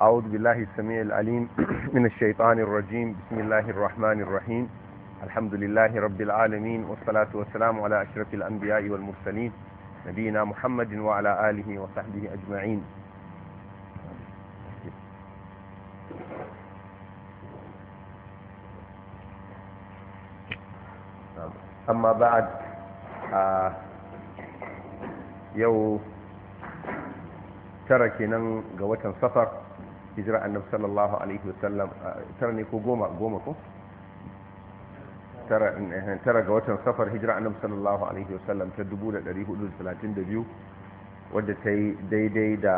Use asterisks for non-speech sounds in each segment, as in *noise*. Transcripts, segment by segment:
أعوذ بالله السميع العليم *clears throat* من الشيطان الرجيم بسم الله الرحمن الرحيم الحمد لله رب العالمين والصلاة والسلام على أشرف الأنبياء والمرسلين نبينا محمد وعلى آله وصحبه أجمعين أما بعد آه yau tara kenan ga watan safar hijira annabi sallallahu alaihi wasallam tara ne ko goma goma ko eh, tara ga watan safar hijira annabi sallallahu alaihi wasallam ta 1432 wadda ta yi daidai da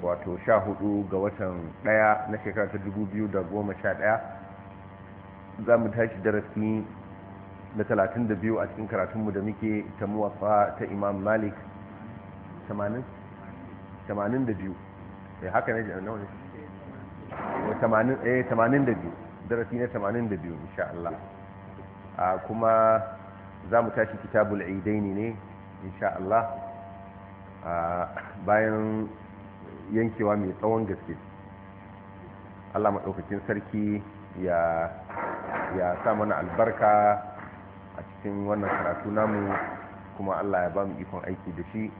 wato 14 ga watan 1 na shekara ta 2011 za mu tashi darasi na 32 a cikin karatunmu da muke ta muwafa ta imam malik 82 eh haka ne nawa ne 80 eh 82 eh, darasi na 82 insha Allah a ah, kuma za mu tashi kitabul aidaini ne insha Allah a ah, bayan yankewa mai tsawon gaske Allah maɗaukakin sarki ya ya sa mana albarka a cikin wannan karatu namu kuma Allah ya ba mu ikon aiki da shi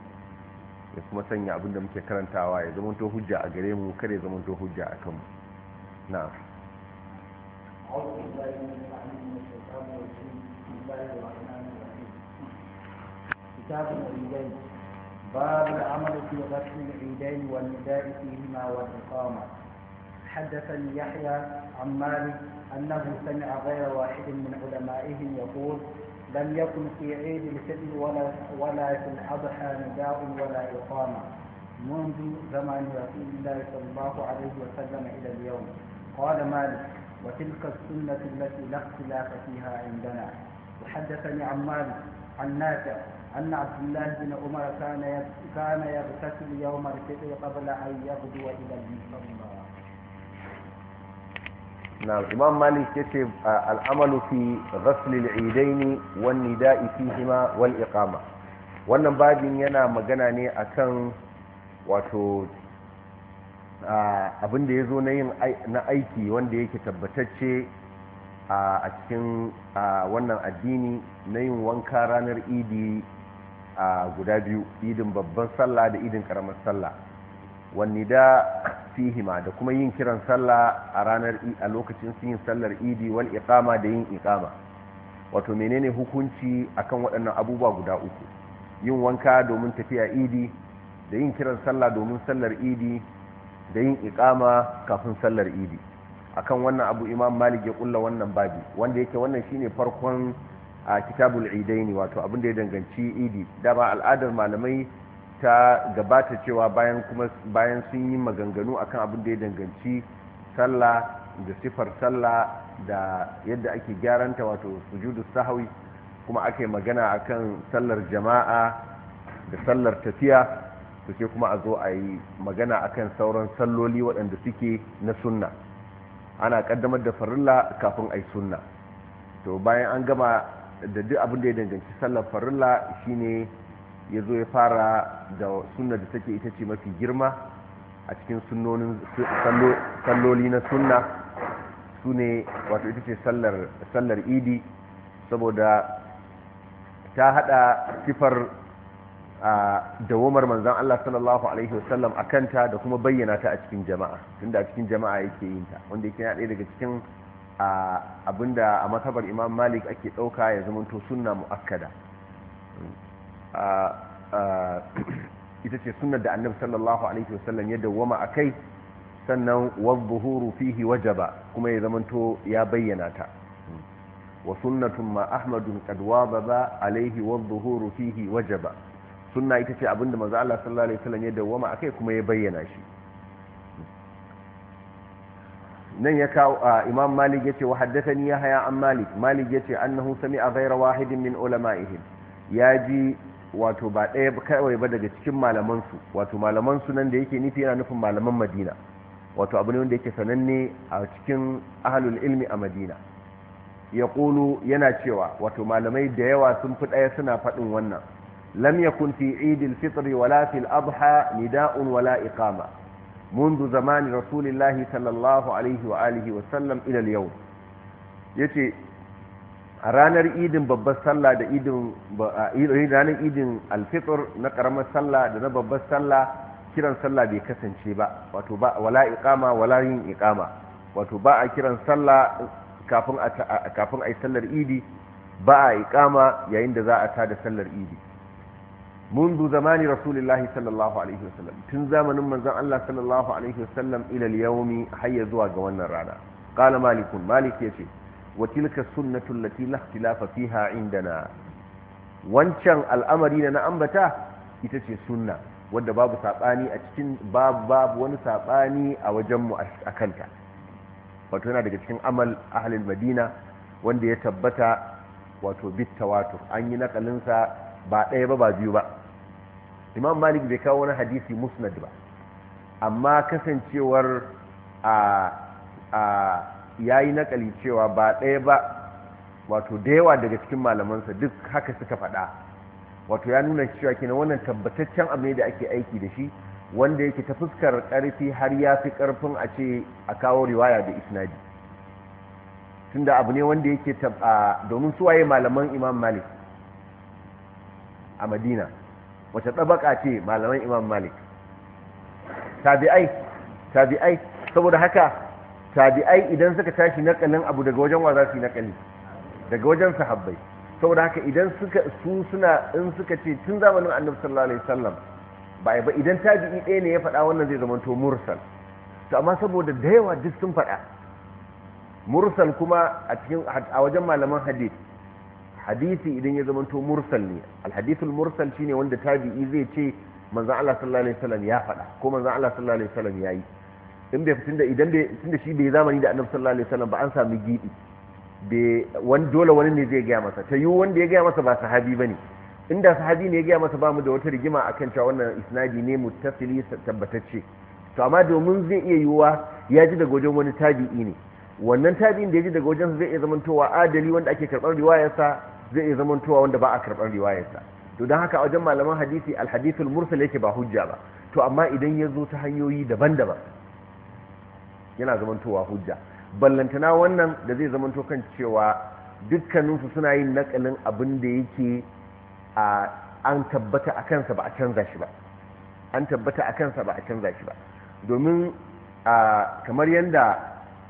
ya kuma sanya abin da muke karantawa ya zama to hujja a gare mu kare zama to hujja a kanmu na كتاب العيدين باب العمل في غسل العيدين والنداء فيهما والإقامة حدثني يحيى عن مالك أنه سمع غير واحد من علمائهم يقول لم يكن في عيد الفطر ولا ولا في الأضحى نداء ولا إقامة منذ زمن رسول الله صلى الله عليه وسلم إلى اليوم قال مالك وتلك السنة التي لا اختلاف فيها عندنا وحدثني عن مالك عن نافع أن عبد الله بن عمر كان كان يغتسل يوم الفطر قبل أن يغدو إلى المسلمين na imam malik ya ce al'amalu fi raslil idaini wani nida'i fihima wal iqama wannan babin yana magana ne kan wato abin da ya zo na yin na aiki wanda yake tabbatacce a cikin wannan addini na yin wanka ranar idi guda biyu idin babban sallah da idin karamar sallah wani da fihima da kuma yin kiran sallah a ranar a lokacin yin sallar idi wal iqama da yin iqama wato menene hukunci akan waɗannan abubuwa guda uku yin wanka domin tafiya idi da yin kiran sallah domin sallar idi da yin iqama kafin sallar idi akan wannan abu imam malik ya kulla wannan babi wanda yake wannan shine farkon a kitabul idaini wato abin da ya danganci idi da ba al'adar malamai ta gabata cewa bayan kuma bayan sun yi maganganu akan abin da ya danganci sallah da sifar sallah da yadda ake gyaranta wato sujudu sahawi kuma ake magana akan sallar jama'a da sallar tafiya su ke kuma a zo a yi magana akan sauran salloli waɗanda suke na sunna ana ƙaddamar da farilla kafin a yi sunna to bayan an gama da duk abin da ya danganci sallar farilla shine ya zo ya fara da sunna da take ita ce mafi girma a cikin sunnonin salloli na sunna su ne wato ita ce sallar idi saboda ta hada sifar a dawomar manzan Allah sallallahu Alaihi wasallam a kanta da kuma bayyana ta a cikin jama'a tunda a cikin jama'a yake yin ta wanda yake ɗaya daga cikin abinda a matabar imam malik ake ɗauka ya zamanto sunna mu'akkada ita ce sunnar da annabi sallallahu alaihi wasallam ya dawwama a kai sannan wadda fihi wajaba kuma ya zamanto ya bayyana ta wa sunnatun ma ahmadun kadwa ba ba alaihi wadda fihi wajaba sunna ita ce abinda maza Allah sallallahu alaihi wasallam ya dawwama a kai kuma ya bayyana shi nan ya kawo imam malik ya ce wa haddathani ya haya an malik malik ya ce annahu sami'a ghayra wahidin min ulama'ihim ya ji wato ba ɗaya kawai ba daga cikin malamansu wato malamansu nan da yake nufi yana nufin malaman madina wato abu ne wanda yake sananne a cikin ahalul ilmi a madina ya ƙulu yana cewa wato malamai da yawa sun fi ɗaya suna faɗin wannan lam ya fi idil fitri wala fil abha nida'un wala iqama منذ زمان رسول الله صلى الله عليه وآله وسلم إلى اليوم yace a ranar idin babbar sallah da idin ranar idin alfitur na karamar sallah da na babbar sallah kiran sallah bai kasance ba wato ba wala iqama wala yin iqama wato ba a kiran sallah kafin a kafin ai sallar idi ba a iqama yayin da za a tada sallar idi منذ زمان رسول الله صلى الله عليه وسلم tun zamanin manzon Allah sallallahu alaihi wasallam ila al-yawmi hayya zuwa ga wannan rana qala malikun malik yace وتلك السنة التي لا اختلاف فيها عندنا wancan al'amari na ambata ita ce sunna wadda babu saɓani a cikin babu wani saɓani a wajenmu a kanta wato yana daga cikin amal ahalil madina wanda ya tabbata wato bitta wato an yi nakalinsa ba ɗaya ba ba biyu ba imam malik bai kawo wani hadisi musnad ba amma kasancewar a ya yi nakali cewa ba ɗaya ba wato da yawa daga cikin malamansa duk haka suka faɗa wato ya nuna cewa kina wannan tabbataccen abu ne da ake aiki da shi wanda yake ta fuskar ƙarfi har ya fi ƙarfin a ce a kawo riwaya da isnadi tunda abu ne wanda yake taɓa domin suwaye malaman imam malik a madina wata ɗabaƙa ce malaman imam malik tabi'ai tabi'ai saboda haka tabi'ai idan suka tashi nakalin abu daga wajen wa za su yi nakali daga wajen sahabbai saboda haka idan suka su suna in suka ce tun zamanin annabi sallallahu alaihi wasallam ba ba idan tabi'i ɗaya ne ya faɗa wannan zai zama to mursal to amma saboda da yawa duk sun faɗa mursal kuma a cikin a wajen malaman hadith hadisi idan ya zama to mursal ne alhadithul mursal shine wanda tabi'i zai ce manzon Allah sallallahu alaihi wasallam ya faɗa ko manzon Allah sallallahu alaihi wasallam yayi in bai tunda idan bai shi bai zamani da annabi sallallahu alaihi ba an sami gidi dole wani ne zai gaya masa ta yi wanda ya gaya masa ba sahabi bane inda sahabi ne ya gaya masa ba mu da wata rigima akan cewa wannan isnadi ne muttasili tabbatacce to amma domin zai iya yiwuwa ya ji daga wajen wani tabi'i ne wannan tabi'in da ya ji daga wajen zai iya zamantowa adali wanda ake karɓar riwayarsa zai iya zamantowa wanda ba a karɓar riwayarsa to don haka a wajen malaman hadisi alhadithul mursal yake ba hujja ba to amma idan ya zo ta hanyoyi daban-daban yana zamantowa hujja ballantana wannan da zai zamanto kan cewa dukkaninsu suna yin nakalin abin da yake an tabbata a kansa ba a canza shi ba an tabbata a kansa ba a canza shi ba domin kamar yadda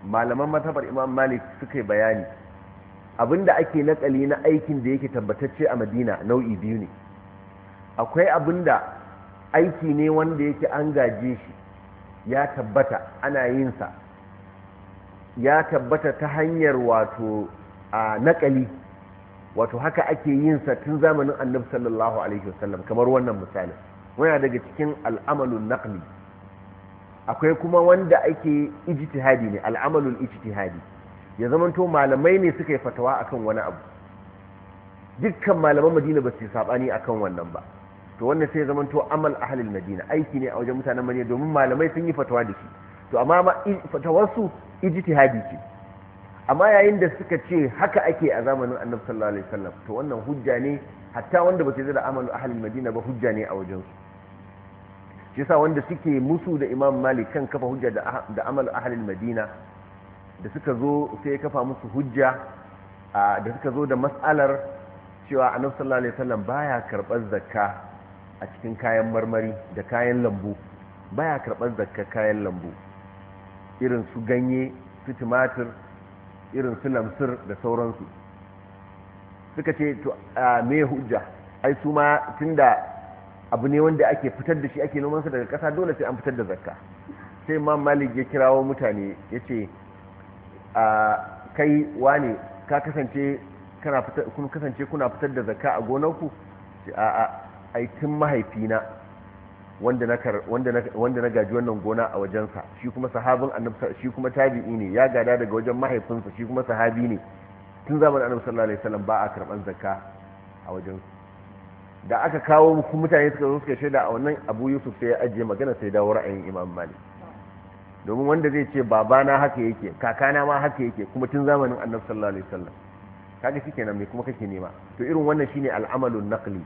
malaman matabar imam malik suka bayani abin da ake nakali na aikin da yake tabbatacce a madina nau'i biyu ne akwai abin da aiki ne wanda yake an gaje shi ya tabbata ana yin sa ya tabbata ta hanyar wato a nakali wato haka ake yin sa tun zamanin annabi sallallahu alaihi wasallam kamar wannan misali wani daga cikin al'amalun naqli akwai kuma wanda ake ijtihadi ne al'amalul ijtihadi ya zamanto malamai ne suka yi fatawa akan wani abu dukkan malaman madina ba su yi sabani akan wannan ba to wannan sai zaman to amal ahlul madina aiki ne a wajen mutanen madina domin malamai sun yi fatawa da shi to amma ma fatawar su ijtihadi ce amma yayin da suka ce haka ake a zamanin annabi sallallahu alaihi wasallam to wannan hujja ne hatta wanda ba zai da amal ahlul madina ba hujja ne a wajen su shi yasa wanda suke musu da imam malik kan kafa hujja da amal ahlul madina da suka zo sai ya kafa musu hujja da suka zo da mas'alar cewa annabi sallallahu alaihi wasallam baya karɓar zakka a cikin kayan marmari da kayan lambu baya karɓar zakka kayan lambu irin su ganye su tumatir irin su lamsir da sauransu suka ce to a me hujja ai su ma tun da abu ne wanda ake fitar da shi ake nomansa daga ƙasa dole sai an fitar da zakka sai ma malik ya kirawo mutane ya ce a kai wane ka kasance kuna fitar da zakka a gonarku a Aikin mahaifina wanda na gaji wannan gona a wajensa shi kuma sahabin annabta shi kuma tabi'i ne ya gada daga wajen mahaifinsa shi kuma sahabi ne tun zamanin annabta sallallahu alaihi wasallam ba a karban zakka a wajen da aka kawo mutane suka zo suka shaida a wannan Abu Yusuf sai ya ajiye magana sai dawo ra'ayin Imam Malik domin wanda zai ce babana haka yake kakana ma haka yake kuma tun zamanin annabi sallallahu alaihi wasallam kaga shikenan me kuma kake nema to irin wannan shine al'amalun naqli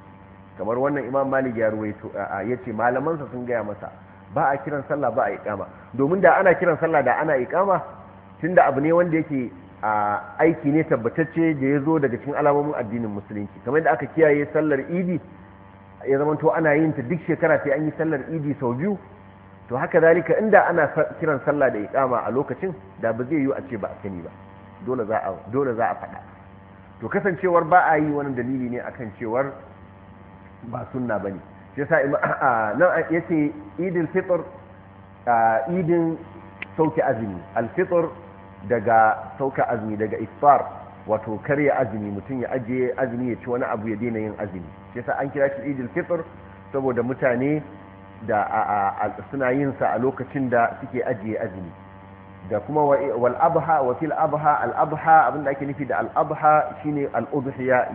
kamar wannan imam malik ya ruwaito ya ce malamansa sun gaya masa ba a kiran sallah ba a iqama domin da ana kiran sallah da ana iqama tunda abu ne wanda yake a aiki ne tabbatacce da ya zo daga cikin alamomin addinin musulunci kamar da aka kiyaye sallar idi ya to ana yin ta duk shekara sai an yi sallar idi sau biyu to haka zalika inda ana kiran sallah da iqama a lokacin da ba zai yi a ce ba a sani ba dole za a dole za a faɗa to kasancewar ba a yi wani dalili ne akan cewar ba sunna ba ne shi sa *coughs* nan ya ce idin fitr idin sauke azumi alfitur daga sauka azumi daga iftar wato karya azumi mutum ya ajiye azumi ya ci wani abu ya daina yin azumi shi sa an kira shi idin fitur saboda mutane da suna yinsa a lokacin da suke ajiye azumi da kuma wal abha wa fil abha al abha abinda ake nufi da al abha shine al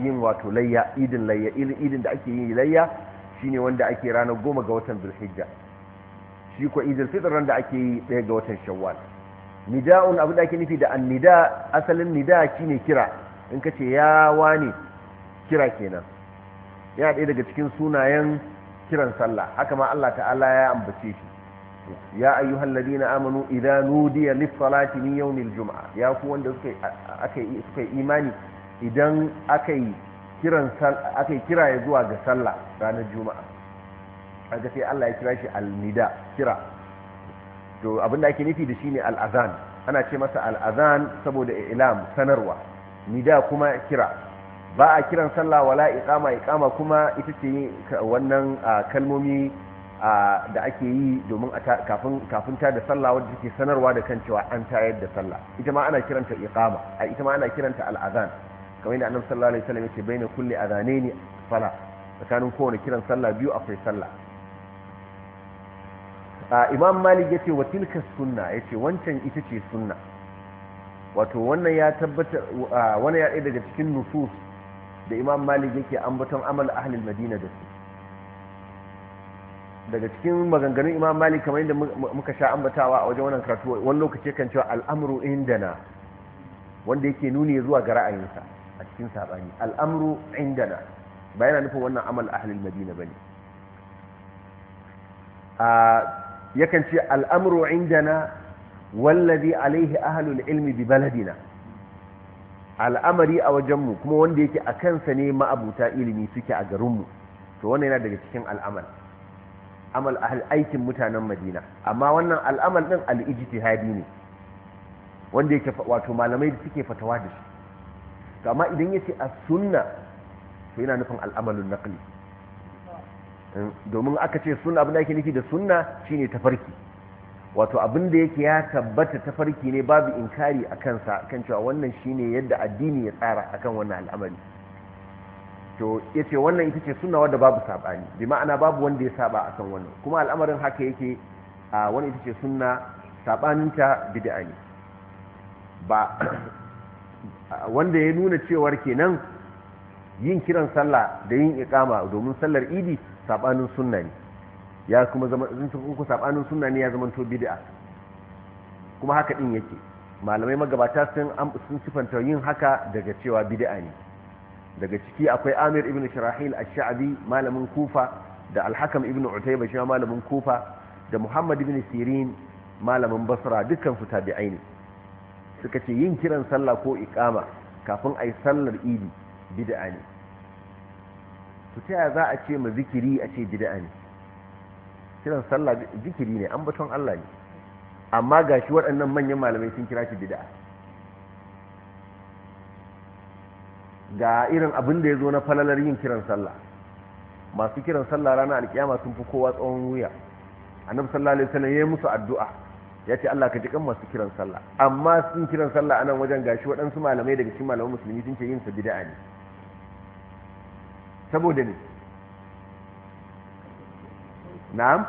yin wato layya idin layya idin da ake yin layya shine wanda ake ranar goma ga watan zulhijja shi ko idil fitr ran da ake yi daya ga watan shawwal nida'un abinda ake nufi da an nida asalin nida shine kira in ka ce ya wani kira kenan ya ɗaya daga cikin sunayen kiran sallah haka ma Allah ta'ala ya ambace shi ya ayyuhal na amanu idza nudiya lis yau min yawmil jum'a ya ku wanda suka suka imani idan aka kiran kira ya zuwa ga sallah ranar juma'a aka sai Allah ya kira shi al-nida kira to abinda ake nufi da shine al-azan ana ce masa al-azan saboda ilam sanarwa nida kuma kira ba a kiran sallah wala iqama iqama kuma ita ce wannan kalmomi da ake yi domin kafin ta da sallah wadda take sanarwa da kan cewa an tayar da sallah ita ma ana kiranta iqama a ita ma ana kiranta al'azan kamar yadda annabi sallallahu alaihi wasallam yace baina kulli adhanaini sala tsakanin kowane kiran sallah biyu akwai sallah imam malik yace wa tilka sunna yace wancan ita ce sunna wato wannan ya tabbata wani ya daga cikin nusus da imam malik yake ambaton amal ahlul madina da su daga cikin maganganun imam malik kamar yadda muka sha ambatawa a wajen wannan karatu wani lokaci kan cewa al'amru indana wanda yake nuni zuwa ga ra'ayinsa a cikin sabani al'amru indana ba yana nufin wannan amal ahlul madina bane a yakan ce al'amru indana wallazi alaihi ahlul ilmi bi baladina al'amari a wajenmu kuma wanda yake a kansa ne ma'abuta ilimi suke a garinmu to wannan yana daga cikin al'amari amal ahal aikin mutanen madina amma wannan al'amal din al-ijtihadi ne wanda yake wato malamai da suke fatawa da shi to amma idan yace as-sunna to yana nufin al'amalun naqli hmm, domin aka ce sunna abin da yake nufi da sunna shine tafarki wato abin da yake ya tabbata tafarki ne babu inkari akan sa kan cewa wannan shine yadda addini ya tsara akan wannan al'amari to ya ce wannan ita ce sunna wadda babu sabani bi ma'ana babu wanda ya saba akan wannan kuma al'amarin haka yake a wani ita ce sunna sabaninta bid'a ne ba *clears throat* wanda ya nuna cewar kenan yin kiran sallah da yin ikama domin sallar idi sabanin sunna ne ya kuma zama ku sabanin sunna ne ya zama to bid'a kuma haka din yake malamai magabata sun sifanta yin haka daga cewa bid'a ne daga ciki akwai amir ibn shirahil a sha'abi malamin kufa da alhakam ibn utayba shi malamin kufa da muhammad ibn sirin malamin basra dukkan su tabi ne suka ce yin kiran sallah ko iƙama kafin a yi sallar idi bid'a ne su ta za a ce ma zikiri a ce bid'a ne kiran sallah zikiri ne an baton Allah ne amma gashi waɗannan manyan malamai sun kira shi bid'a ga irin abin da ya zo na falalar yin kiran sallah masu kiran sallah rana alkiyama sun fi kowa tsawon wuya annabi sallallahu alaihi wasallam yayi musu addu'a ya ce Allah ka ji kan masu kiran sallah amma sun kiran sallah anan wajen gashi waɗansu malamai daga cikin malaman musulmi sun ce yin sa bid'a ne saboda ne na'am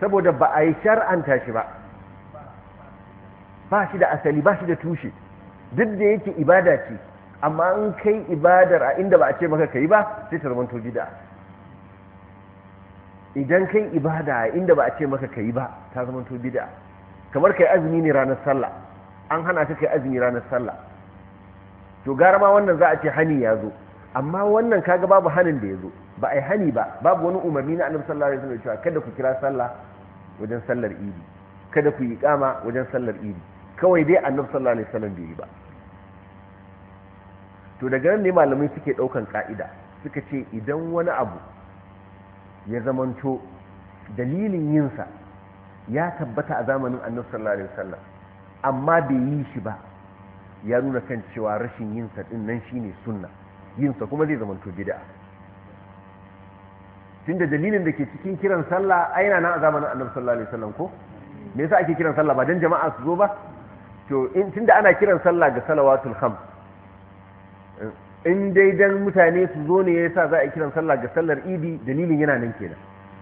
saboda ba a yi shar'anta shi ba ba shi da asali ba shi da tushe duk da yake ibada ce amma an kai ibadar a inda ba a ce maka kai ba sai ta zamanto bid'a idan kai ibada a inda ba a ce maka kai ba ta zamanto bid'a kamar kai azumi ne ranar sallah an hana ka kai azumi ranar sallah to gara ma wannan za a ce hani ya zo amma wannan kaga babu hanin da ya zo ba a yi hani ba babu wani umarni na annabi sallallahu alaihi wasallam cewa kada ku kira sallah wajen sallar idi kada ku yi kama wajen sallar idi kawai dai annabi sallallahu alaihi wasallam bai yi ba to daga nan ne malamai suke ɗaukan ƙa'ida suka ce idan wani abu ya zamanto dalilin yinsa ya tabbata a zamanin annabi sallallahu alaihi wasallam amma bai yi shi ba ya nuna kan cewa rashin yinsa din nan shine sunna yinsa kuma zai zamanto bid'a tunda dalilin da ke cikin kiran sallah ai yana nan a zamanin annabi sallallahu alaihi wasallam ko me yasa ake kiran sallah ba dan jama'a su zo ba to in tunda ana kiran sallah ga salawatul khams in dai dan mutane su zo ne yasa za a kiran sallah ga sallar idi dalilin yana nan kenan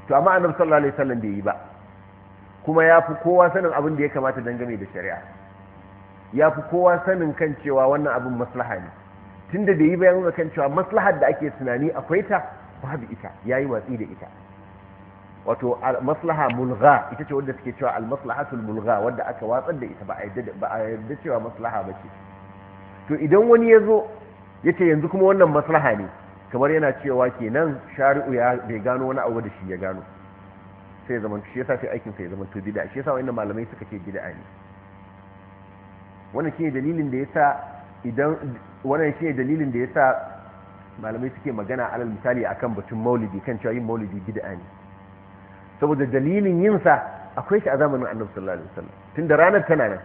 to amma annabi sallallahu alaihi wasallam bai yi ba kuma ya fi kowa sanin abin da ya kamata dangane da shari'a ya fi kowa sanin kan cewa wannan abin maslaha ne tunda bai yi ba yana kan cewa maslahar da ake tunani akwai ta babu ita yayi watsi da ita wato maslaha mulgha ita ce wadda suke cewa al-maslahatul mulgha wadda aka watsar da ita ba a yarda cewa maslaha ba ce to idan wani ya zo yace yanzu kuma wannan maslaha ne kamar yana cewa kenan shari'u ya bai gano wani abu da shi ya gano sai ya zama shi ya fi aikin sai ya zamanta bid'a shi yasa wannan malamai suka ce bid'a ne wannan shine dalilin da yasa idan wannan shine dalilin da yasa malamai suke magana alal misali akan batun maulidi kan cewa yin maulidi bid'a ne saboda dalilin yinsa akwai shi a zamanin annabi sallallahu alaihi wasallam tunda ranar tana nan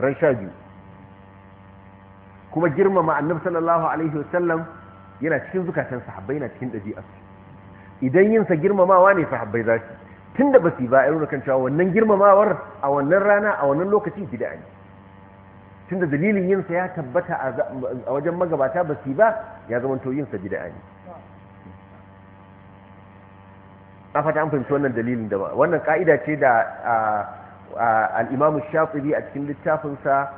ran sha biyu kuma girmama annabi sallallahu alaihi wasallam yana cikin zukatan sahabbai na cikin ɗabi'arsu idan yinsa girmamawa ne sahabbai za su tun da ba su ba a kan cewa wannan girmamawar a wannan rana a wannan lokaci bid'a ne tun da dalilin yinsa ya tabbata a wajen magabata ba su ba ya zama to yinsa da ne a fata an fahimci wannan dalilin da ba wannan ka'ida ce da al-imamu shafi'i a cikin littafinsa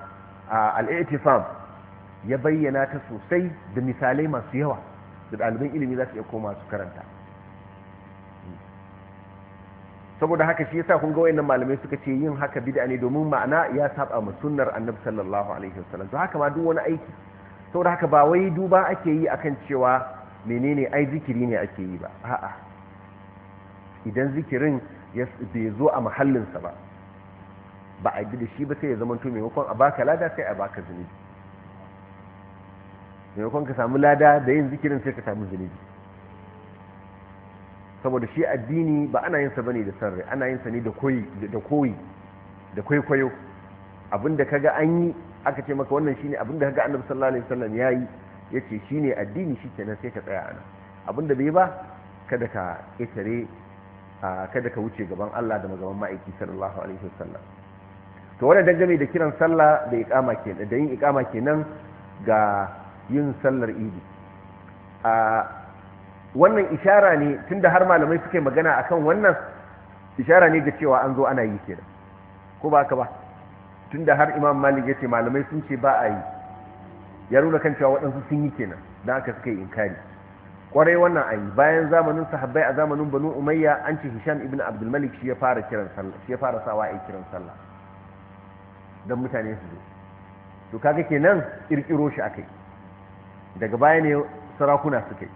al-i'tifam ya bayyana ta sosai da misalai masu yawa da ɗaliban ilimi za su iya koma su karanta saboda haka shi yasa kun ga wayannan malamai suka ce yin haka bid'a ne domin ma'ana ya saba ma sunnar annabi sallallahu alaihi wasallam to haka ma duk wani aiki saboda haka ba wai duba ake yi akan cewa menene ai zikiri ne ake yi ba a'a idan zikirin bai zo a mahallinsa ba ba a bi da shi ba sai ya zama to maimakon a baka lada sai a baka zunubi maimakon ka samu lada da yin zikirin sai ka samu zunubi saboda shi addini ba ana yin sa bane da sarri ana yin sa ne da koyi da koyi da kwaikwayo abinda kaga an yi aka ce maka wannan shine abinda kaga annabi sallallahu alaihi wasallam yayi yace shine addini shikenan sai ka tsaya ana abinda bai ba kada ka itare kada ka wuce gaban Allah da magaban ma'aiki sallallahu alaihi wasallam to wannan dangane da kiran sallah da iqama kenan da yin iqama kenan ga yin sallar idi a wannan ishara ne tunda har malamai suke magana akan wannan ishara ne ga cewa an zo ana yi ke da. ko ba ka ba tunda har imam malik ya ce malamai sun ce ba a yi ya nuna kan cewa waɗansu sun yi kenan don aka suka yi inkari kwarai wannan ayi bayan zamanin sahabbai a zamanin banu umayya an ce hisham ibn abdulmalik shi ya fara kiran sallah shi ya fara sawa a kiran sallah don mutane su zo to kaga kenan kirkiro shi akai daga baya ne sarakuna suka yi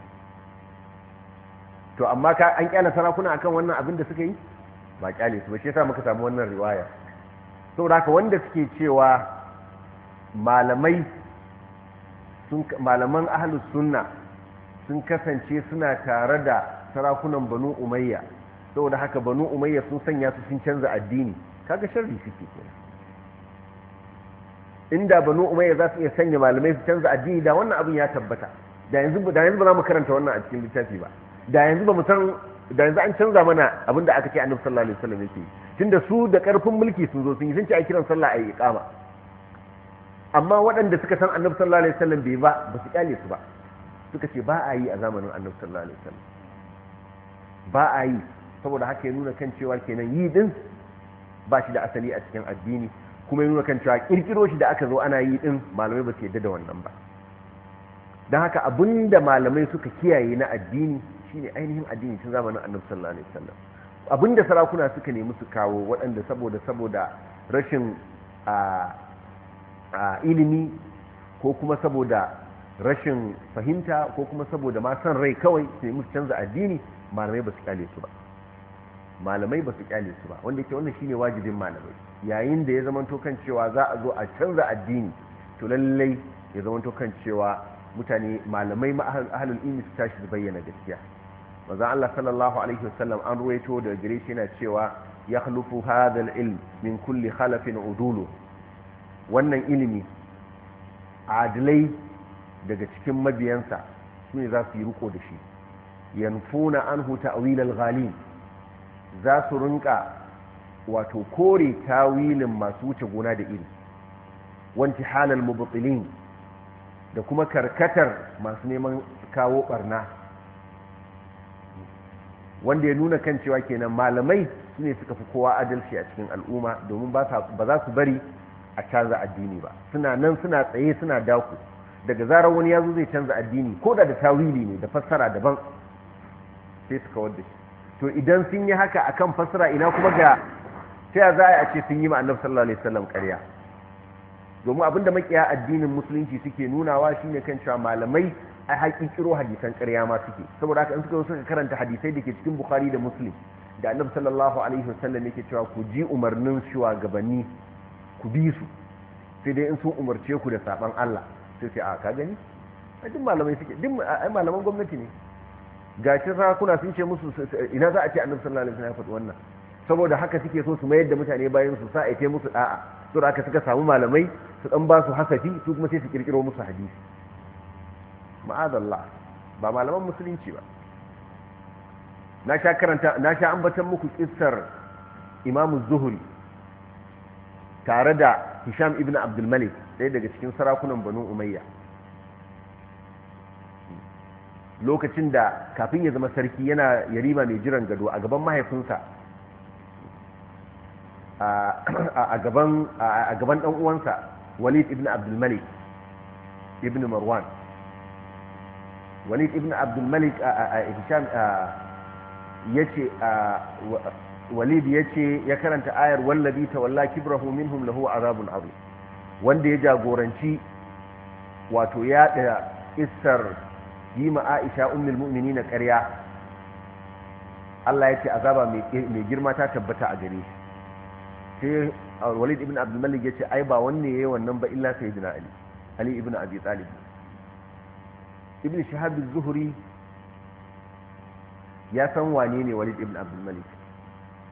to amma ka an kyale sarakuna akan wannan abin da suka yi ba kyale su ba shi yasa muka samu wannan riwaya saboda haka wanda suke cewa malamai sun malaman ahlus sunna sun kasance suna tare da sarakunan banu umayya saboda haka banu umayya sun sanya su sun canza addini kaga sharri suke kenan inda banu umayya za su iya sanya malamai su canza addini da wannan abin ya tabbata da yanzu da yanzu ba za mu karanta wannan a cikin littafi ba da yanzu ba mu san da yanzu an canza mana abin da aka ce annabi sallallahu alaihi wasallam yake tunda su da karfin mulki sun zo sun yi sun ce a kiran sallah a iqama amma waɗanda suka san annabi sallallahu alaihi wasallam bai ba ba su kyale su ba suka ce ba a yi a zamanin annabi sallallahu alaihi wasallam ba a yi saboda haka ya nuna kan cewa kenan yi din ba shi da asali a cikin addini kuma yi nuna kan cewa kirkiro shi da aka zo ana yi din malamai ba su yadda da wannan ba don haka abin da malamai suka kiyaye na addini shine ainihin addini a zamanin annabi sallallahu alaihi wasallam da sarakuna suka nemi su kawo waɗanda saboda saboda rashin ilimi ko kuma saboda rashin fahimta ko kuma saboda ma san rai kawai su nemi su canza addini malamai ba su kyale su ba malamai ba su kyale su ba wanda ke wannan shine wajibin malamai yayin da ya zama to kan cewa za a zo a canza addini to lallai ya zama to kan cewa mutane malamai ma ahlul ilmi su tashi su bayyana gaskiya manzo Allah sallallahu alaihi wasallam an ruwaito da gare shi yana cewa yakhlufu hadha al-ilm min kulli khalafin udulu wannan ilimi adilai daga cikin mabiyansa sune za su yi riko da shi yanfuna anhu ta'wil al ghalin. za su rinka wato kore tawilin masu wuce gona da iri wanti halal mubtilin da kuma karkatar masu neman kawo barna wanda ya nuna kan cewa kenan malamai su ne suka fi kowa adalci a cikin al'umma domin ba za su bari a canza addini ba suna nan suna tsaye suna daku daga zarar wani yazo zai canza addini ko da da tawili ne da fassara daban sai su kawar shi to idan sun yi haka akan fasira ina kuma ga ta za a ce sun yi ma'annab sallallahu alaihi wasallam ƙarya domin abinda makiya addinin musulunci suke nunawa ne kan cewa malamai a haƙiƙiro hadisan ƙarya ma suke saboda haka in suka suka karanta hadisai da ke cikin bukhari da muslim da annabi sallallahu alaihi wasallam yake cewa ku ji umarnin shugabanni ku bi su sai dai in sun umarce ku da saban Allah sai sai a ka gani duk malamai suke duk malaman gwamnati ne gashi sarakuna sun ce musu ina za a ce annabi sallallahu alaihi wasallam ya faɗi wannan saboda haka suke so su mayar da mutane bayan su sa ce musu da'a to aka suka samu malamai su dan ba su hasafi su kuma sai su kirkiro musu hadisi ma'azallah ba malaman musulunci ba na sha karanta na sha ambatan muku kissar imamu zuhri tare da hisham ibn abdul malik ɗaya daga cikin sarakunan banu umayya lokacin da kafin ya zama sarki yana yarima mai jiran gado a gaban mahaifinsa a gaban ɗan uwansa walid ibn abdulmalik ibn marwan walid ibn abdulmalik a hisham ya ce walid ya ce ya karanta ayar wallabi ta walla kibrahu minhum lahu azabun abu wanda ya jagoranci wato ya ɗaya isar yi ma Aisha ummul na ƙarya Allah ya ce azaba mai girma ta tabbata a gare shi sai Walid ibn Abdul Malik ya ce ai ba wanne yayi wannan ba illa sayyidina Ali Ali ibn Abi Talib Ibn Shihab az-Zuhri ya san wane ne Walid ibn Abdul Malik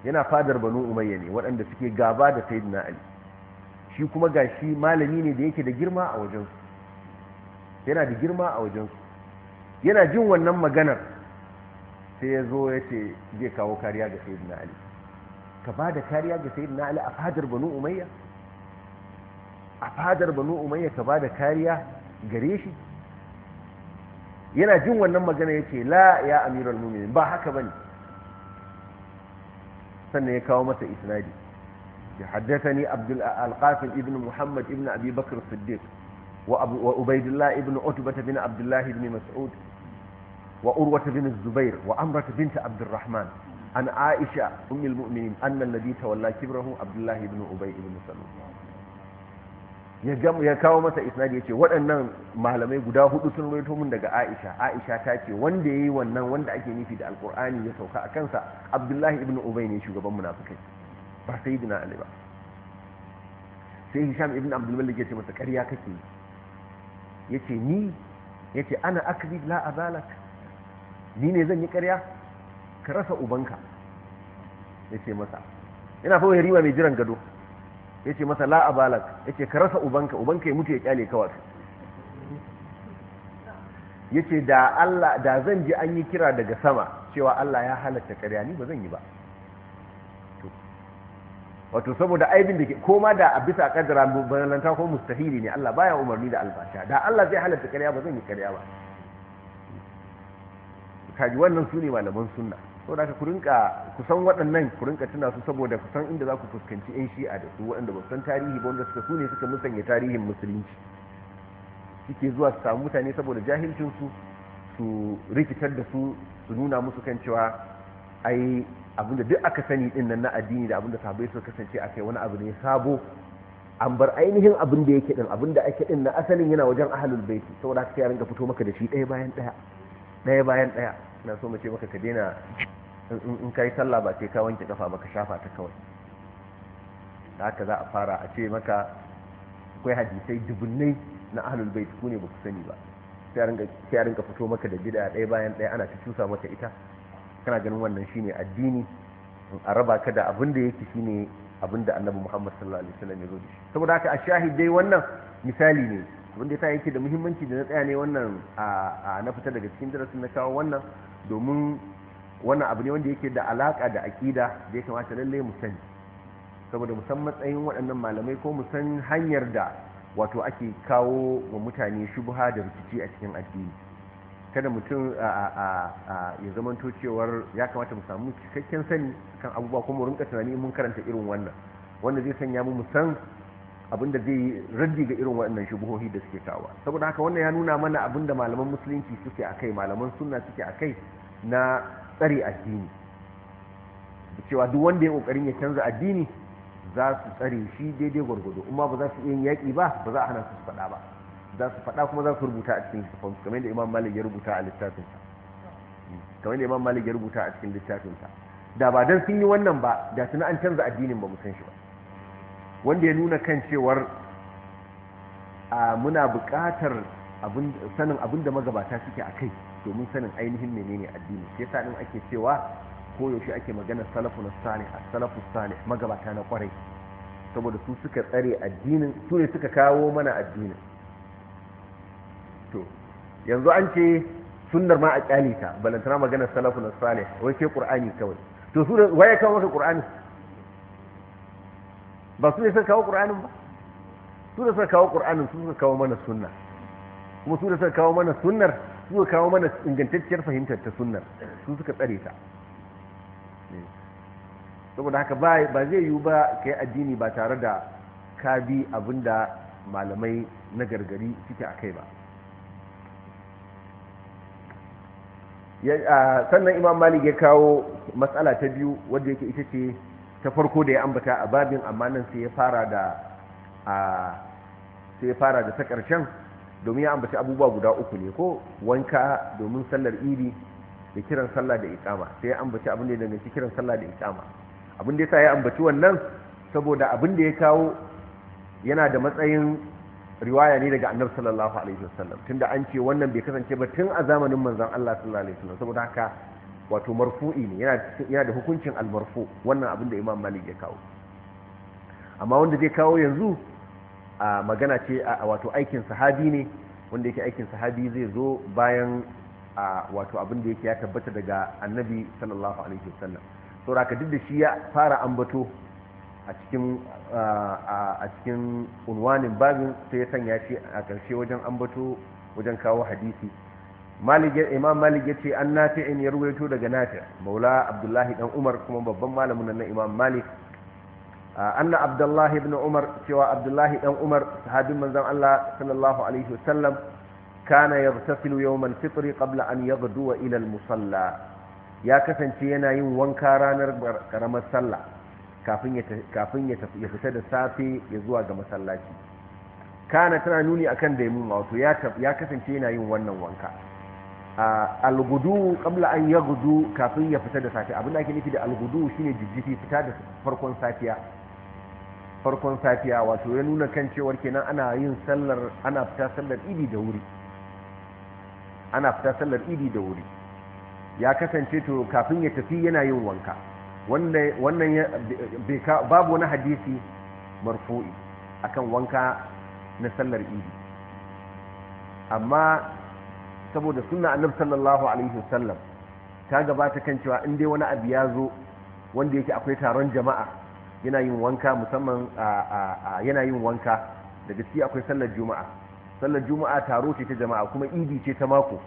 yana fadar Banu Umayya ne waɗanda suke gaba da sayyidina Ali shi kuma gashi malami ne da yake da girma a wajensu yana da girma a wajensu yana jin wannan maganar sai ya zo ya ce zai kawo kariya ga sayyidina ali ka ba da kariya ga sayyidina ali a fadar banu umayya a fadar banu umayya ka ba da kariya gare shi yana jin wannan magana ya ce la ya amiral muminin ba haka ba ne? sannan ya kawo masa isnadi ya haddasa ni abdul alqasim ibn muhammad ibn abi bakr siddiq وأبيد الله بن عتبة بن عبد الله بن مسعود وأروة بن الزبير وأمرة بنت عبد الرحمن عن عائشة أم المؤمنين أن الذي تولى كبره عبد الله بن أبي بن سلول ya kawo masa isnadi ya ce waɗannan malamai guda hudu sun roito mun daga aisha aisha ta ce wanda ya yi wannan wanda ake nufi da alkur'ani ya sauka a kansa abdullahi ibn ubay ne shugaban munafikai ba sai dina ali ba sai hisham ibn abdul malik ya ce masa ƙarya kake yi yace ni yace ana akri la abalak ni ne zan yi ƙarya ka rasa ubanka yace masa ina yari ma mai jiran gado yace masa la abalak yace ka rasa ubanka ubanka ya mutu ya kyale kawai wato yace da da zan ji an yi kira daga sama cewa Allah ya halatta ƙarya ni ba zan yi ba wato saboda aibin da ke koma da a bisa kaddara balanta ko mustahili ne Allah baya umarni da albasha da Allah zai halatta karya ba zan yi karya ba kaji wannan su ne malaman sunna so da ku rinka kusan waɗannan ku rinka tuna su saboda kusan inda za ku fuskanci yan shi'a da su waɗanda ba san tarihi ba wanda suka su ne suka musanya tarihin musulunci suke zuwa su samu mutane saboda jahilcinsu su su rikitar da su su nuna musu kan cewa ai abinda duk aka sani din nan na addini da abinda sahabbai suka kasance akai wani abu ne sabo an bar ainihin abin da yake din abin da ake din na asalin yana wajen ahlul baiti saboda haka sai ya rinka fito maka da shi ɗaya bayan ɗaya ɗaya bayan ɗaya ina so mu ce maka ka daina in kai sallah ba sai ka wanke kafa ba ka shafa ta kawai haka za a fara a ce maka akwai hadisai dubunnai na ahlul bait ku ne ba ku sani ba sai ya rinka fito maka da bid'a daya bayan daya ana ta cusa maka ita kana ganin wannan shine addini a raba ka da abin da yake shine abin da annabi muhammad sallallahu alaihi wasallam ya zo saboda haka a shahid dai wannan misali ne abin da ta yake da muhimmanci da na tsaya ne wannan a na fita daga cikin darasin na kawo wannan domin wannan abu ne wanda yake da alaka da aƙida da ya kamata lallai mu sani saboda mu san matsayin waɗannan malamai ko mu san hanyar da wato ake kawo wa mutane shubha da rikici a cikin addini kada mutum ya zamanto cewar ya kamata mu samu cikakken sani kan abubuwa kuma rinka tunani mun karanta irin wannan wanda zai sanya mu san abin da zai raddi ga irin waɗannan shubuhohi da suke kawa saboda haka wannan ya nuna mana abin da malaman musulunci suke kai, malaman sunna suke a kai na tsare addini cewa duk wanda ya kokarin ya canza addini za su tsare shi daidai gwargwado in ba za su iya yaƙi ba ba za a hana su faɗa ba za su faɗa kuma za su rubuta a cikin littafin kamar da imam malik ya rubuta a littafinsa kamar da imam malik ya rubuta a cikin littafinsa da ba dan sun yi wannan ba da tuni an canza addinin ba mu san shi ba wanda ya nuna kan cewar a muna buƙatar sanin abin da magabata suke a kai domin sanin ainihin menene addini sai yasa din ake cewa ko yaushe ake magana salafu na salih as-salafu salih magabata na kwarai saboda su suka tsare addinin su ne suka kawo mana addinin to yanzu an ce sunnar ma a kyale ta balantana maganar salafu na salih wai sai qur'ani kawai to su waye kawo maka qur'ani ba su ne suka kawo qur'anin ba su da suka kawo qur'anin su suka kawo mana sunna kuma su da suka kawo mana sunnar su suka kawo mana ingantacciyar fahimtar ta sunnar su suka tsare ta saboda haka ba zai yiwu ba kai addini ba tare da ka bi abin da malamai na gargari suke a kai ba sannan imam malik ya kawo matsala ta biyu wadda yake ita ce ta farko da ya ambata a babin amma nan sai ya fara da ta ƙarshen domin ya ambaci abubuwa guda uku ne ko wanka domin sallar iri da kiran sallah da ikama sai ya ambaci abin da ya danganci kiran sallah da ikama abin da ya sa ya ambaci wannan saboda abin da ya kawo yana da matsayin riwaya ne daga annabi sallallahu alaihi wasallam tunda an ce wannan bai kasance ba tun a zamanin manzon Allah sallallahu alaihi wasallam saboda haka wato marfu'i ne yana yana da hukuncin almarfu wannan abin da Imam Malik ya kawo amma wanda zai kawo yanzu a magana ce a wato aikin sahabi ne wanda yake aikin sahabi zai zo bayan a wato abin da yake ya tabbata daga annabi sallallahu alaihi wasallam saboda haka duk da shi ya fara ambato a cikin a cikin unwanin babin sai ya sanya shi a ƙarshe wajen ambato wajen kawo hadisi imam malik ya ce an in ya ruwaito daga nafi maula abdullahi dan umar kuma babban malamin na imam malik anna abdullahi ibn umar cewa abdullahi dan umar sahabin manzon allah sallallahu alaihi wasallam kana yaghtasilu yawmal fitri qabla an yaghduwa ila al musalla ya kasance yana yin wanka ranar karamar sallah kafin ya fita da safe ya zuwa ga masallaci kana tana nuni akan da yamin wato ya kasance yana yin wannan wanka algudu qabla an ya gudu kafin ya fita da safe abin da ake nufi da Al-Gudu shine jijjifi fita da farkon safiya farkon safiya wato ya nuna kan cewar kenan ana yin sallar ana fita sallar idi da wuri ana fita sallar idi da wuri ya kasance to kafin ya tafi yana yin wanka wannan babu wani hadisi marfu'i akan wanka na sallar idi amma saboda sunna annab sallallahu alaihi wasallam ta gabata kan cewa in dai wani abu ya zo wanda yake akwai taron jama'a yana yin wanka musamman yana yin wanka da gaske akwai sallar juma'a sallar juma'a taro ce ta jama'a kuma idi ce ta mako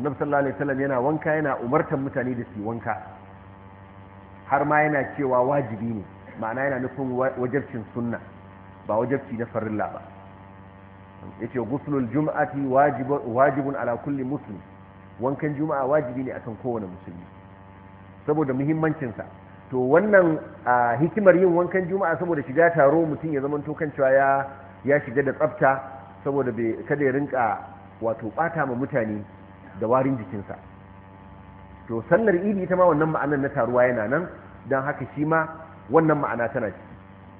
annab sallallahu alaihi wasallam yana wanka yana umartar mutane da su wanka har ma yana cewa wajibi ne ma'ana yana nufin wajabcin sunna ba wajabci na farilla ba yace guslul jum'ati wajibun ala kulli muslim wankan juma'a wajibi ne akan kowane musulmi saboda muhimmancin sa to wannan hikimar yin wankan juma'a saboda shiga taro mutum ya to kan cewa ya ya shiga da tsafta saboda kada ya rinka wato bata ma mutane da warin jikinsa to sallar idi ita ma wannan ma'anar na taruwa yana nan don haka shi ma wannan ma'ana tana ci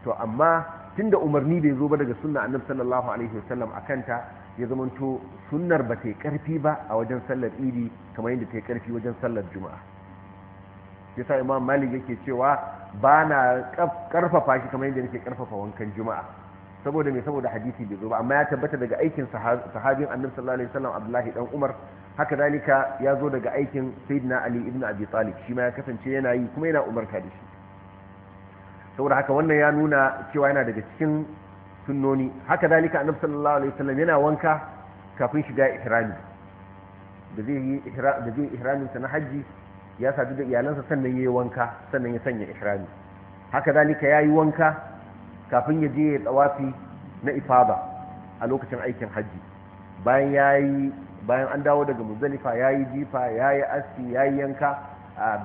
to amma tunda umarni bai zo ba daga sunna annabi sallallahu alaihi wasallam kanta ya zamanto sunnar ba ta yi karfi ba a wajen sallar idi kamar yadda ta yi karfi wajen sallar juma'a ya sa imam malik yake cewa ba na karfafa shi kamar yadda nake karfafa wankan juma'a saboda me saboda hadisi bai zo ba amma ya tabbata daga aikin sahabin annabi sallallahu alaihi wasallam abdullahi dan umar haka zalika ya zo daga aikin sayyidina ali ibn abi talib shi ma ya kasance yana yi kuma yana umarta da shi saboda haka wannan ya nuna cewa yana daga cikin sunnoni haka zalika annabi sallallahu alaihi wasallam yana wanka kafin shiga ihrami da zai yi da zai ihramin sa na haji ya sadu da iyalansa sannan yayi wanka sannan ya sanya ihrami haka zalika yayi wanka kafin ya je ya tsawafi na ifada a lokacin aikin haji bayan yayi bayan an dawo daga ya yayi jifa yayi aski yi yanka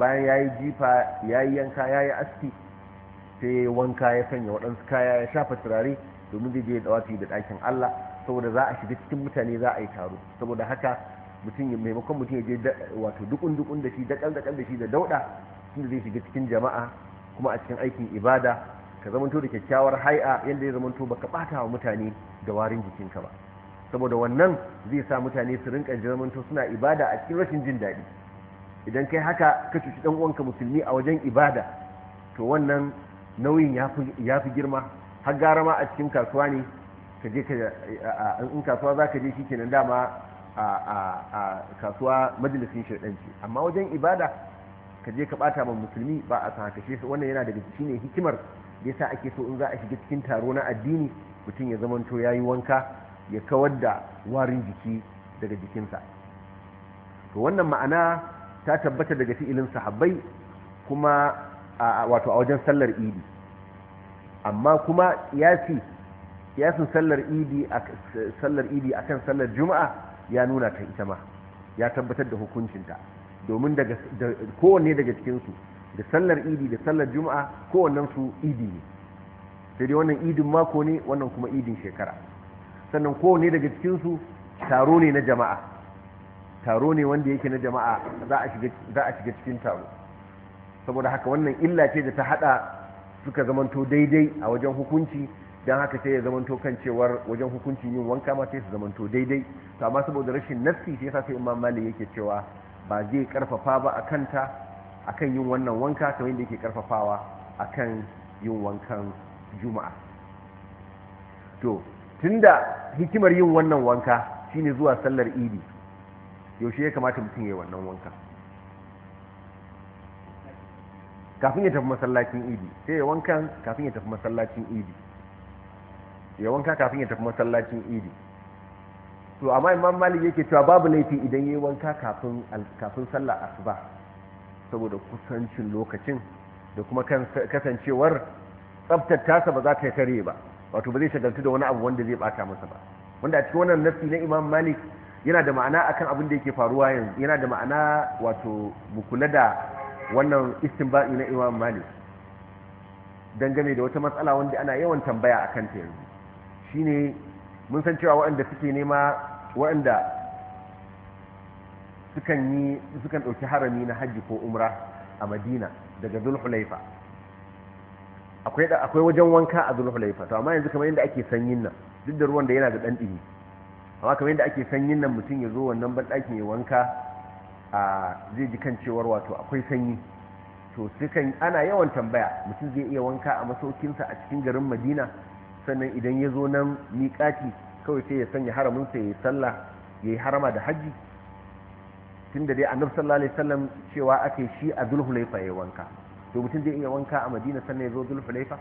bayan yayi jifa yi yanka yi aski sai wanka ya sanya waɗansu kaya ya shafa turare domin zai je ya dawafi da ɗakin Allah saboda za a shiga cikin mutane za a yi taro saboda haka mutum ya maimakon mutum ya je wato dukun dukun da shi dakal dakal da shi da dauda shi zai shiga cikin jama'a kuma a cikin aikin ibada ka zamanto da kyakkyawar hai'a yadda ya zamanto baka ɓata wa mutane da warin jikinka ba saboda wannan zai sa mutane su rinka zamanto suna ibada a cikin rashin jin daɗi idan kai haka ka cuci dan uwanka musulmi a wajen ibada to wannan nauyin ya fi girma har gara ma a cikin kasuwa ne ka je in kasuwa za ka je shi kenan dama a kasuwa majalisin shirɗanci amma wajen ibada ka je ka ɓata ma musulmi ba a sa shi wannan yana da shi ne hikimar da yasa ake so in za a shiga cikin taro na addini mutum ya zamanto ya yi wanka ya kawar da warin jiki daga jikinsa to wannan ma'ana ta tabbata daga fi'ilin sahabbai kuma wato a wajen sallar idi amma kuma kiyasi yasin sallar idi a sallar idi akan sallar juma'a ya nuna ta ita ma ya tabbatar da hukuncinta domin daga kowanne daga cikinsu da sallar idi da sallar juma'a kowannensu idi ne sai dai wannan idin mako ne wannan kuma idin shekara sannan kowane daga cikinsu taro ne na jama'a taro ne wanda yake na jama'a za a shiga cikin taro saboda haka wannan illa ce da ta hada suka zamanto daidai a wajen hukunci don haka sai ya zamanto kan cewar wajen hukuncin yin wanka ma sai su zamanto daidai to amma saboda rashin nassi sai yasa sai imam malik yake cewa ba zai karfafa ba a kanta akan yin wannan wanka kamar yadda yake karfafawa akan yin wankan juma'a to tunda hikimar yin wannan wanka shine zuwa sallar idi yaushe ya kamata mutum ya yi wannan wanka kafin ya tafi masallacin idi sai ya wanka kafin ya tafi masallacin idi ya wanka kafin ya tafi masallacin idi to amma imam malik yake cewa babu laifi idan ya yi wanka kafin kafin sallar asuba saboda kusancin lokacin da kuma kasancewar tsabtar tasa ba za ta kare ba wato ba zai shagaltu da wani abu wanda zai bata masa ba wanda a cikin wannan nafi na imam malik yana da ma'ana akan abin da yake faruwa yanzu yana da ma'ana wato bukula da wannan istinba'i na imam malik dangane da wata matsala wanda ana yawan tambaya a kanta yanzu shine mun san cewa waɗanda suke nema waɗanda sukan yi sukan ɗauki harami na hajji ko umra a madina daga zulhulaifa akwai wajen wanka a laifa to amma yanzu kamar yadda ake sanyin nan duk da ruwan da yana da dan dimi amma kamar yadda ake sanyin nan mutum ya zo wannan banɗakin ya wanka a zai ji kan cewar wato akwai sanyi to sukan ana yawan tambaya mutum zai iya wanka a masaukinsa a cikin garin madina sannan idan ya zo nan miƙati kawai sai ya sanya sa ya yi sallah ya yi harama da hajji tun da dai annabi sallallahu alaihi wasallam cewa ake shi a laifa ya wanka to mutum zai iya wanka a madina sannan ya zo laifa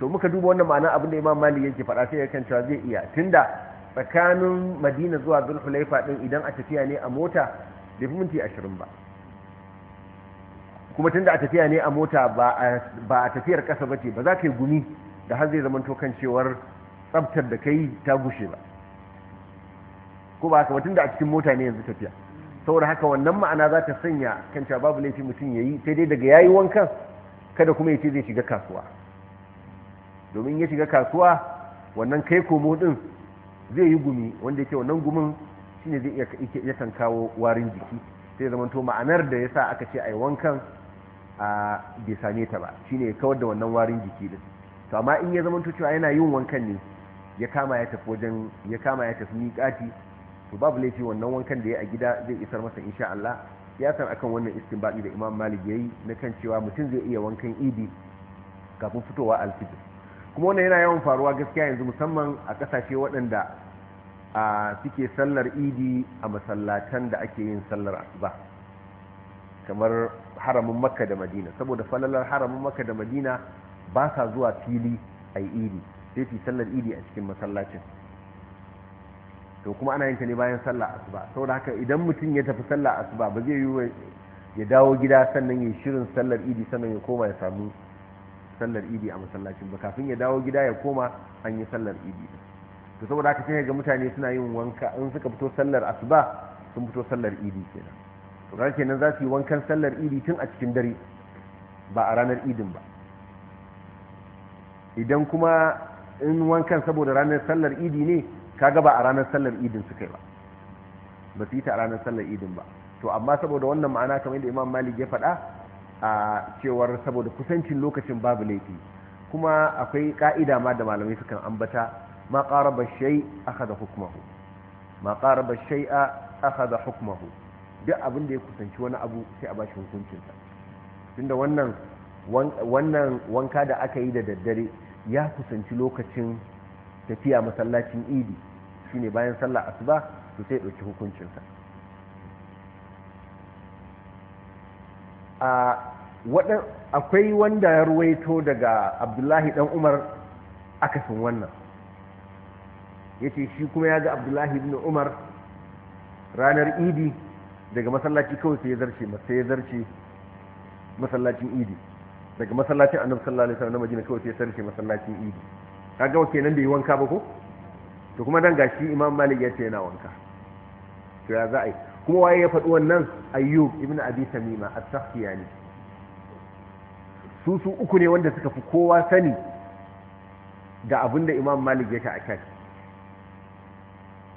to muka duba wannan ma'ana abinda imam mali yake faɗa sai kan cewa zai iya tunda tsakanin madina zuwa laifa din idan a tafiya ne a mota bai fi minti ashirin ba kuma tunda a tafiya ne a mota ba a tafiyar ƙasa ba ce ba za ka yi gumi da har zai zama kan cewar tsabtar da kai ta gushe ba ko ba haka ba tunda a cikin mota ne yanzu tafiya saboda haka wannan ma'ana za ta sanya kanta babu laifi mutum ya yi sai dai daga ya yi wankan kada kuma ya ce zai shiga kasuwa domin ya shiga kasuwa wannan kai komo din zai yi gumi wanda yake wannan gumin ne zai iya yakan kawo warin jiki sai zama to ma'anar da yasa aka ce a yi wankan a bai same ta ba shi ne ya kawar da wannan warin jiki din to amma in ya zama cewa yana yin wankan ne ya kama ya tafi wajen ya kama ya tafi miƙati to babu laifi wannan wankan da ya a gida zai isar masa insha Allah ya san akan wannan istinbadi da Imam Malik yayi na kan cewa mutum zai iya wankan idi kafin fitowa alfijir kuma wannan yana yawan faruwa gaskiya yanzu musamman a kasashe waɗanda a suke sallar idi a masallatan da ake yin sallar asuba kamar haramin makka da madina saboda falalar haramin makka da madina ba sa zuwa fili a idi sai fi sallar idi a cikin masallacin to kuma ana yin ta ne bayan sallah asuba saboda haka idan mutum ya tafi sallah asuba ba zai yi ya dawo gida sannan ya shirin sallar idi sannan ya koma ya samu sallar idi a masallacin ba kafin ya dawo gida ya koma an yi sallar idi to saboda haka sai ga mutane suna yin wanka in suka fito sallar asuba sun fito sallar idi kenan to ga kenan za su yi wankan sallar idi tun a cikin dare ba a ranar idin ba idan kuma in wankan saboda ranar sallar idi ne kaga ba a ranar sallar idin suka yi ba ba su yi ta a ranar sallar idin ba to amma saboda wannan ma'ana kamar yadda imam malik ya faɗa a cewar saboda kusancin lokacin babu laifi kuma akwai ka'ida ma da malamai sukan ambata ma ƙara shai aka da hukumahu ma shai aka da hukumahu duk abin da ya kusanci wani abu sai a bashi shi hukuncinsa tunda wannan wanka da aka yi da daddare ya kusanci lokacin tafiya masallacin idi shine bayan sallar asuba to sai ɗauki hukuncinsa a wadan akwai wanda ya ruwaito daga abdullahi ɗan umar akasin wannan ya ce shi kuma ya ga abdullahi ibn umar ranar idi daga masallaci kawai sai ya zarce sai ya zarce masallacin idi daga masallacin annabi sallallahu alaihi wasallam na madina kawai sai ya zarce masallacin idi kaga wake nan da yi wanka ba ko to kuma dan gashi imam malik ya ce yana wanka to ya za yi kuma waye ya faɗi wannan ayyub ibn abi tamima as-sakhtiyani su su uku ne wanda suka fi kowa sani da abin da imam malik ya a kai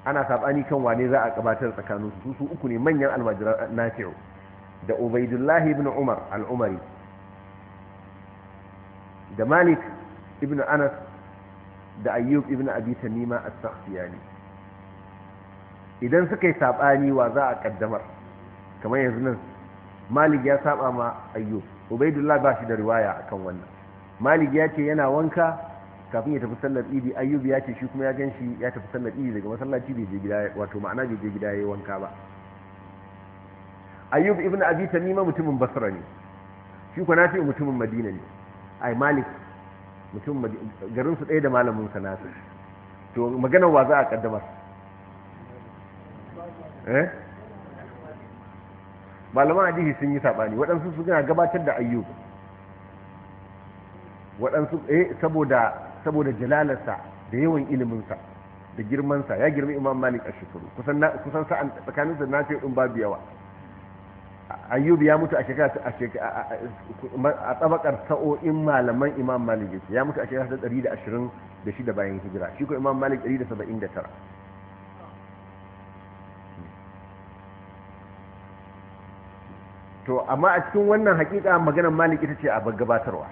ana sabani kan wane za a gabatar tsakanin su su uku ne manyan almajiran nafi'u da ubaidullahi ibn umar al-umari da malik ibn anas da ayyub ibn abi tamima as-sakhtiyani idan suka yi sabani wa za a kaddamar kamar yanzu nan malik ya saba ma ayyub ubaidullah ba shi da riwaya akan wannan malik ya ce yana wanka kafin ya tafi sallar idi ayyub ya ce shi kuma ya ganshi ya tafi sallar idi daga masallaci bai je gida wato ma'ana bai je gida yayi wanka ba ayyub ibn abi tamima mutumin basra ne shi kuma nafi mutumin madina ne ai malik mutum garin su ɗaya da malamin sanata to maganar wa za a kaddamar eh malaman hadisi sun yi saɓani waɗansu su gina gabatar da ayyub waɗansu eh saboda saboda jalalarsa da yawan iliminsa da girmansa ya girma imam malik a shekaru kusan sa'an tsakaninsa na ce ɗin babu yawa ayyub ya mutu a shekara a tsabakar sa'o'in malaman imam malik ya mutu a shekara ta 126 bayan hijira shi ko imam malik 179 to amma a cikin wannan hakika maganar malik ita ce a gabatarwa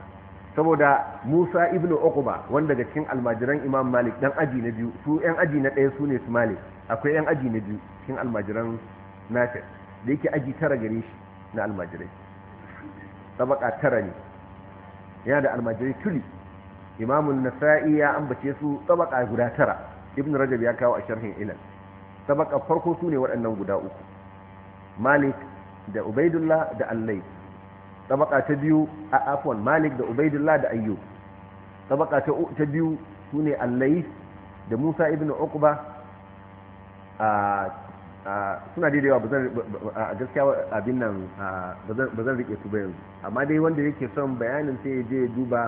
saboda musa ibnu uqba wanda daga cikin almajiran imam malik dan aji na biyu su yan aji na ɗaya su ne su malik akwai yan aji na biyu cikin almajiran nafis. da yake aji tara gare shi na almajirai tabaka tara ne yana da almajirai tuli imamun nasa'i ya ambace su tabaka guda tara ibn rajab ya kawo a sharhin ilal tabaka farko su ne waɗannan guda uku malik da ubaidullah da allai tabaka ta biyu a afon malik da ubaidullah da ayyo tabaka ta biyu su ne allai da musa ibn uqba a suna da yawa a gaskiya abin nan ba zan rike su ba yanzu amma dai wanda yake son bayanin sai ya je ya duba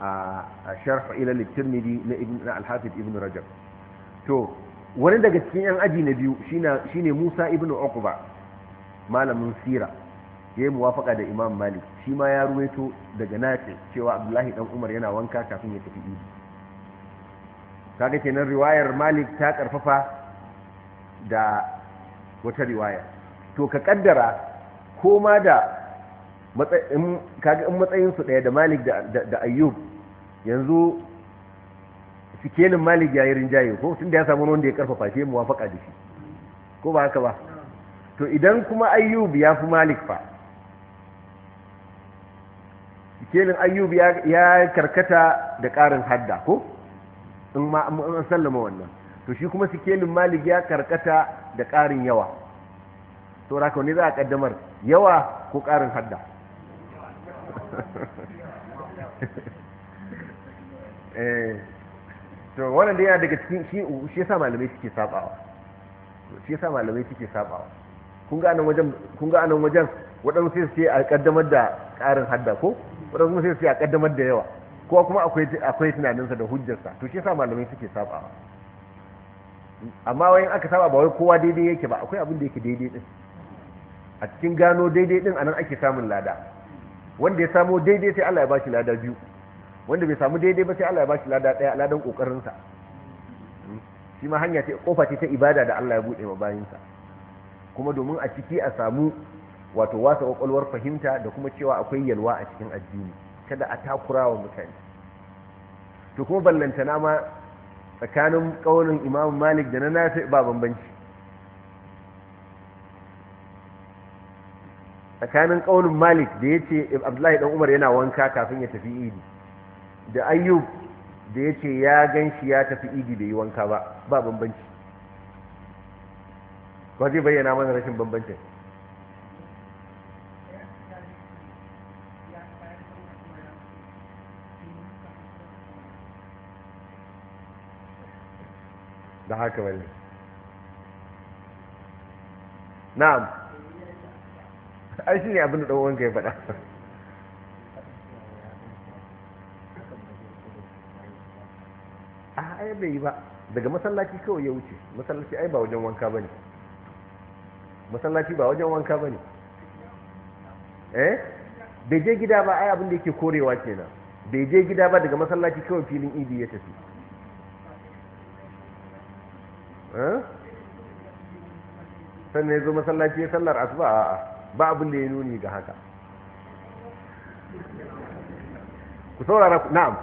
a sharh ila litirmidi na ibn ibn rajab to wani daga cikin yan aji na biyu shine musa ibn uqba malamin sira ya yi muwafaka da imam malik shi ma ya ruwaito daga nace cewa abdullahi dan umar yana wanka kafin ya tafi idi kaga kenan riwayar malik ta karfafa da wata riwaya to ka kaddara ko ma da kaga in matsayinsu ɗaya da malik da ayyub yanzu sikelin malik ya yi rinjaye ko tun da ya samu wanda ya karfafa shi mu wafaka da shi ko ba haka ba to idan kuma ayyub ya fi malik fa sikelin ayyub ya karkata da ƙarin hadda ko in ma an sallama wannan to shi kuma sikelin malik ya karkata da ƙarin yawa to raka wani za a ƙaddamar yawa ko ƙarin hadda *laughs* eh, to wannan da yana daga cikin shi yasa malamai suke sabawa shi yasa malamai suke sabawa kun ga anan wajen kun ga anan wajen waɗansu sai su ce a ƙaddamar da ƙarin hadda ko waɗansu sai su ce a ƙaddamar da yawa ko kuma akwai akwai tunaninsa da hujjarsa to shi yasa malamai suke sabawa amma wayan aka saba ba wai kowa daidai yake ba akwai abin da yake daidai din a cikin gano daidai din anan ake samun lada wanda ya samu daidai sai Allah ya bashi lada biyu wanda bai samu daidai ba sai Allah ya bashi lada daya ladan kokarin sa hmm. shi ma hanya ce kofa ce ta ibada da Allah ya bude ma bayin sa kuma domin a ciki a samu wato wasa kwakwalwar fahimta da kuma cewa akwai yalwa a cikin addini kada a takura wa mutane to kuma ballantana ma tsakanin ƙaunin imamu malik da na nafi ba bambanci tsakanin ƙaunin malik da ya ce abdullahi ɗan umar yana wanka kafin ya tafi idi da ayyub da ya ce ya gan shi ya tafi idi bai yi wanka ba ba bambanci ba zai bayyana mana rashin bambancin da haka bane na'am ai shi ne abin da ɗan ya faɗa a ah, ai bai yi ba daga masallaci kawai ya wuce masallaci ai ba wajen wanka bane masallaci ba wajen wanka bane eh bai je gida ba ai abin da yake korewa kenan bai je gida ba daga masallaci kawai filin idi ya tafi sannan ya zo masallaci ya sallar asuba a ba abin da ya nuni ga haka ku saurara na'am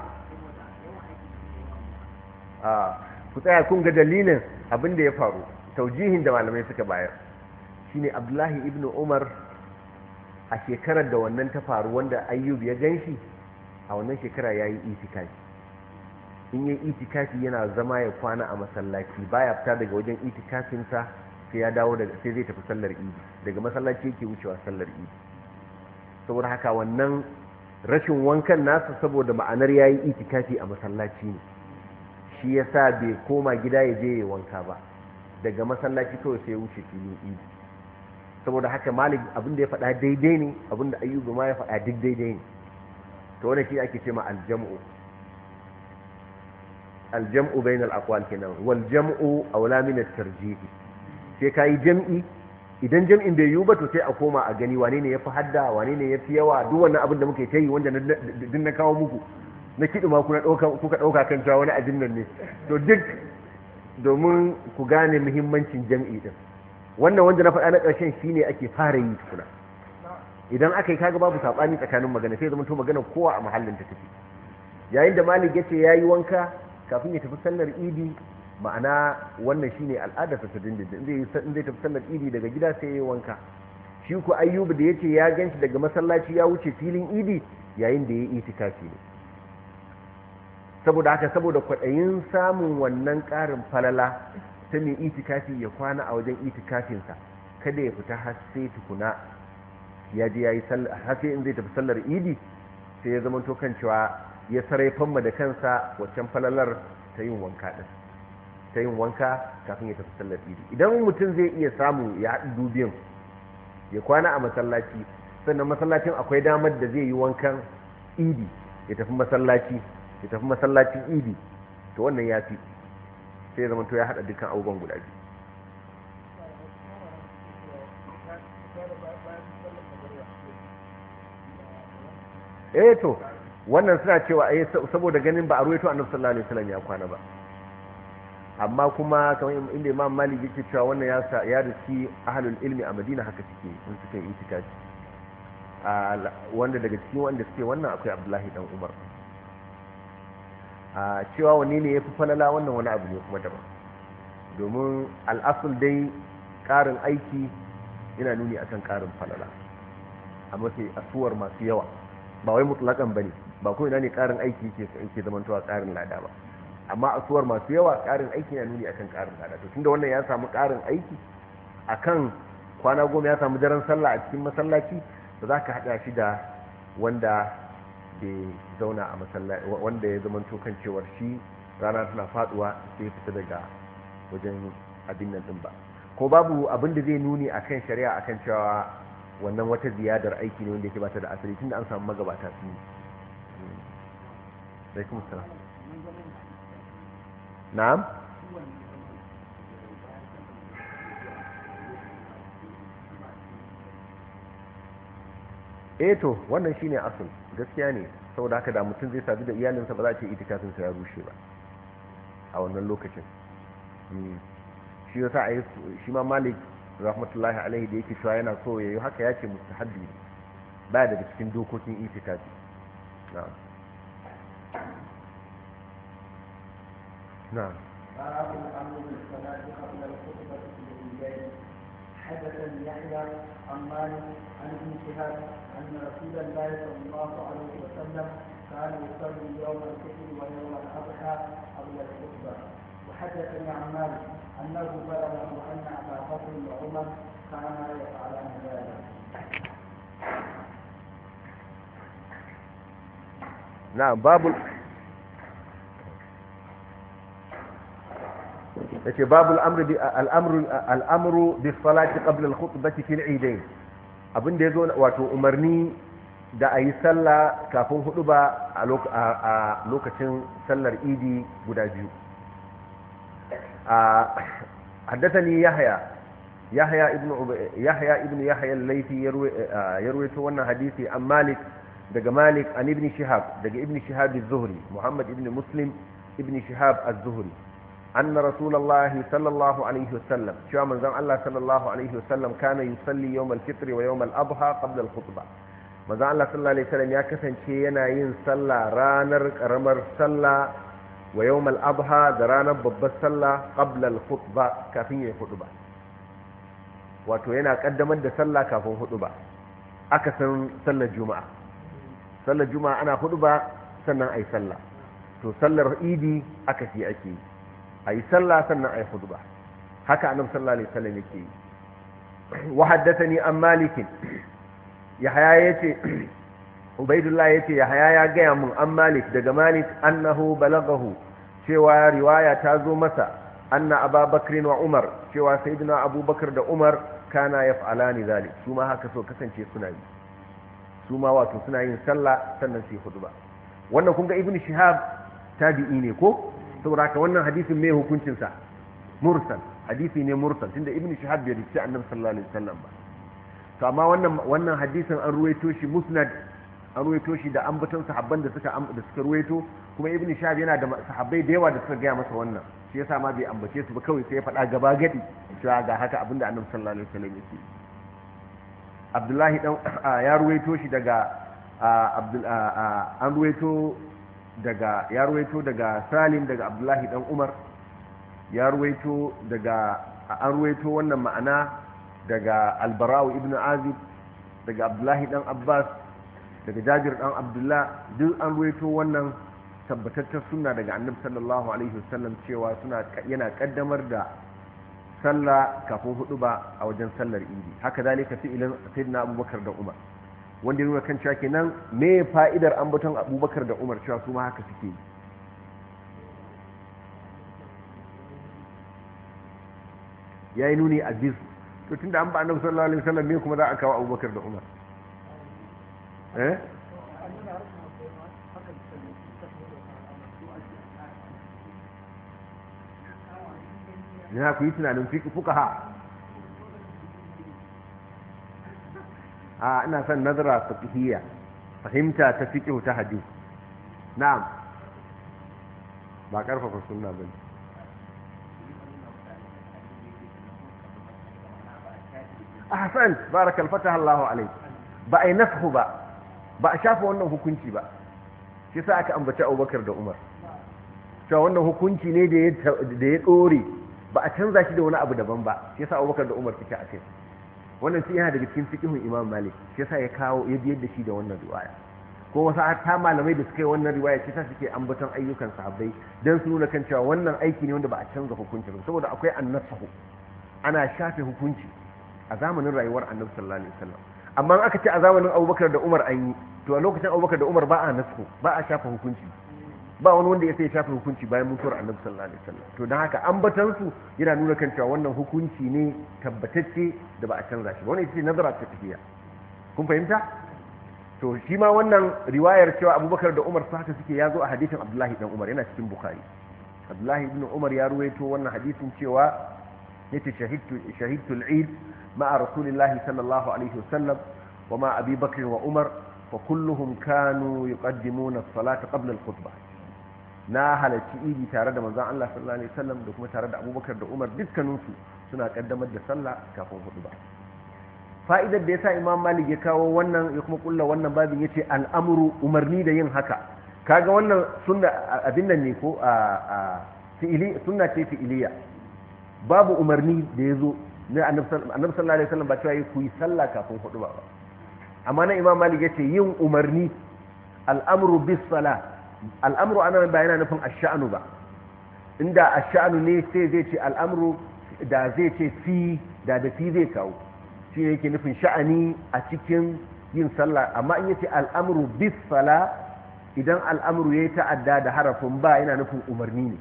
a ku tsaya kun ga dalilin abin da ya faru taujihin da malamai suka bayar shine abdullahi ibn umar a shekarar da wannan ta faru wanda ayyub ya ganshi a wannan shekara ya yi itikafi in yi itikafi yana zama ya kwana a masallaci baya fita daga wajen itikafinsa sai ya dawo daga sai zai tafi sallar idi daga masallaci yake wucewa sallar idi saboda haka wannan rashin wankan nasa saboda ma'anar ya yi itikafi a masallaci ne shi ya sa bai koma gida ya je ya wanka ba daga masallaci kawai sai ya wuce filin idi saboda haka malik abin da ya faɗa daidai ne abin da ayyubu ma ya faɗa duk daidai ne to wannan shi ake ce ma aljam'u aljam'u bainal aqwal kenan wal jam'u awla min at-tarjih sai ka yi jam'i idan jam'in bai yiwu ba to sai a koma a gani wane ne ya fi hadda wane ne ya fi yawa duk wannan abin da muke ta yi wanda duk na kawo muku na kiɗi ma kuna kuka ɗauka kan cewa wani abin nan ne to duk domin ku gane muhimmancin jam'i din wannan wanda na faɗa na ƙarshen shine ake fara yi tukuna idan aka yi kaga babu saɓani tsakanin magana sai zama to magana kowa a mahallin ta tafi yayin da malik ya ce ya yi wanka kafin ya tafi sallar idi ma'ana wannan shine al'adar ta da zai in zai tafi sallar idi daga gida sai ya wanka shi ku ayyubu da yace ya ganshi daga masallaci ya wuce filin idi yayin da ya yi itikafi ne saboda haka saboda kwaɗayin samun wannan ƙarin falala ta mai itikafi ya kwana a wajen itikafinsa kada ya fita har sai tukuna ya je ya yi har in zai tafi sallar idi sai ya zama to ya sarai famma da kansa waccan falalar ta yin wanka ta yin wanka kafin ya tafi sallar idi idan mutum zai iya samu ya haɗu dubiyan ya kwana a masallaci sannan masallacin akwai damar da zai yi wankan idi ya tafi masallaci ya tafi masallacin idi to wannan ya fi sai zama to ya haɗa dukkan abubuwan guda biyu eh to wannan suna cewa eh saboda ganin ba a ruwaito annabi sallallahu alaihi wasallam ya kwana ba amma kuma kamar inda imam malik yake cewa wannan ya ya riski ahlul ilmi a madina haka suke in suka yi itikafi wanda daga cikin wanda suke wannan akwai abdullahi dan umar a cewa wani ne ya fi falala wannan wani abu ne kuma daban domin al'asul dai karin aiki yana nuni akan karin falala a mafi asuwar masu yawa ba wai mutlakan bane ba ko ina ne karin aiki yake zamantowa karin lada ba amma asuwar masu yawa karin aiki na nuni akan ƙarin lada to tunda wannan ya samu karin aiki akan kwana goma ya samu daren sallah a cikin masallaci ba za ka haɗa shi da wanda bai zauna a masallaci wanda ya zama kan cewar shi rana tana faduwa sai fita daga wajen abin nan din ba ko babu abin da zai nuni akan shari'a akan cewa wannan wata ziyadar aiki ne wanda yake bata da asali tunda an samu magabata ne yi. Hmm. Alaikum نعم eh to wannan shine asul gaskiya ne saboda haka da mutum zai sabu da iyalinsa ba za a ce itikafin sa ya rushe ba a wannan lokacin hmm. shi yasa a shi ma malik rahmatullahi alaihi da yake cewa yana so yayi haka ya ce mustahabbi ba daga cikin dokokin itikafi na'am نعم باب الامر بالصلاه قبل الخطبه في الليل حدث يحيى عن مالك عن ابن شهاب ان رسول الله صلى الله عليه وسلم كان يصلي يوم الفطر ويوم الاضحى قبل الخطبه وحدثني عن مالك انه بلغه ان ابا بكر وعمر كانا يفعلان ذلك نعم باب yace babu al'amru da salati ƙabilar al-khutbati fil idain abin da yazo wato umarni da ayi sallah kafin hudu ba a lokacin sallar idi guda biyu a يحيى yahaya yahaya عب... يحيى ابن يحيى الليثي wannan hadisi an Malik daga Malik an ibn Shihab daga ibn Shihab az-Zuhri Muhammad ibn Muslim ibn Shihab az-Zuhri أن رسول الله صلى الله عليه وسلم شو من زم الله صلى الله عليه وسلم كان يصلي يوم الفطر ويوم الأضحى قبل الخطبة من زم الله صلى الله عليه وسلم يكفن شينا ينصلى رانر رمر صلى ويوم الأضحى دران بب صلى قبل الخطبة كفين الخطبة وتوينا قدمت ده صلى كفين الخطبة أكثر صلى الجمعة صلى الجمعة أنا خطبة سنة أي صلى to sallar idi aka fi ake yi a yi sallah sannan a yi huduba haka annabi sallallahu alaihi wasallam yake yi wa haddathani an malikin yahaya yace *clears throat* ubaidullah yace yahaya ya gaya mun an malik daga malik annahu balagahu cewa riwaya ta zo masa anna ababakrin wa umar cewa sayyidina abubakar da umar kana yaf'alani zalik su ma haka so kasance suna yi su ma wato suna yin sallah sannan su yi wannan kun ga ibnu shihab tabi'i ne ko saboda ka wannan hadisin mai hukuncinsa mursal hadisi ne mursal tunda ibn shahab bai rikici annabi sallallahu alaihi wasallam ba to amma wannan wannan hadisin an ruwaito shi musnad an ruwaito shi da ambaton sahabban da suka da suka ruwaito kuma ibn shahab yana da sahabbai da yawa da suka gaya masa wannan shi yasa ma bai ambace su ba kawai sai ya faɗa gaba gadi cewa ga haka abinda annabi sallallahu alaihi wasallam yake abdullahi dan *coughs* ya ruwaito shi daga an ruwaito daga ya ruwaito daga salim daga abdullahi dan umar ya ruwaito daga an ruwaito wannan ma'ana daga albarawu ibn azib daga abdullahi dan abbas daga jajir dan abdullah duk an ruwaito wannan tabbatattar suna daga annabi sallallahu alaihi wasallam cewa suna yana kaddamar da sallah kafin hudu ba a wajen sallar idi haka zalika fi'ilin sayyidina abubakar da umar wanda ya nuna kan cewa kenan me fa'idar ambaton abubakar da umar cewa su ma haka suke yi ya yi nuni aziz to tun da an ba annabi sallallahu alaihi wasallam me kuma za a kawo abubakar da umar eh na ku yi tunanin fuka ha a ina son nazara fiqhiyya fahimta ta fiqh ta hadith na'am ba karfafa sunna bane ahsan barakal fatah Allahu alayk ba ai nafhu ba ba a shafa wannan hukunci ba shi sa aka ambaci Abubakar da Umar cewa wannan hukunci ne da ya dore ba a canza shi da wani abu daban ba shi sa Abubakar da Umar suke a kai wannan shi yana daga cikin fiqhun imam malik shi yasa ya kawo ya biyar da shi da wannan riwaya ko wasu ta malamai da suka yi wannan riwaya shi yasa suke ambaton ayyukan sahabbai dan su nuna kan cewa wannan aiki ne wanda ba a canza hukunci ba saboda akwai annasahu ana shafe hukunci a zamanin rayuwar annabi sallallahu alaihi wasallam amma aka ce a zamanin abubakar da umar an yi to a lokacin abubakar da umar ba a nasu ba a shafa hukunci ba wani wanda ya sai shafe hukunci bayan mutuwar annabi sallallahu alaihi wasallam to dan haka ambatan su yana nuna kan cewa wannan hukunci ne tabbatacce da ba a canza shi ba wani ita ce nazara ta tafiya kun fahimta to shi ma wannan riwayar cewa abubakar da umar su haka suke ya zo a hadisin abdullahi dan umar yana cikin bukhari abdullahi ibn umar ya ruwaito wannan hadisin cewa yace shahidtu shahidtu al-eid ma'a rasulillahi sallallahu alaihi wasallam wa ma abi bakr wa umar fa kulluhum kanu yuqaddimuna as-salata qabla al-khutbah na halarci idi tare da manzon Allah sallallahu alaihi wasallam da kuma tare da Abubakar da Umar dukkaninsu suna kaddamar da sallah kafin ba fa'idar da yasa Imam Malik ya kawo wannan ya kuma kulla wannan babin yace al'amru umarni da yin haka kaga wannan sunna abin nan ne ko a fi'ili sunna ce fi'iliya babu umarni da yazo na annabi sallallahu alaihi wasallam ba ta ku yi sallah kafin hudu ba amma na Imam Malik yace yin umarni al'amru bis salah al’amuru ana ba yana nufin ash'anu ba inda ash'anu ne sai zai ce Al'amuru da zai ce fi da da fi zai kawo shi ne yake nufin sha'ani a cikin yin sallah amma in yace al'amru bisala idan idan ya yi ta'adda da harafin ba yana nufin umarni ne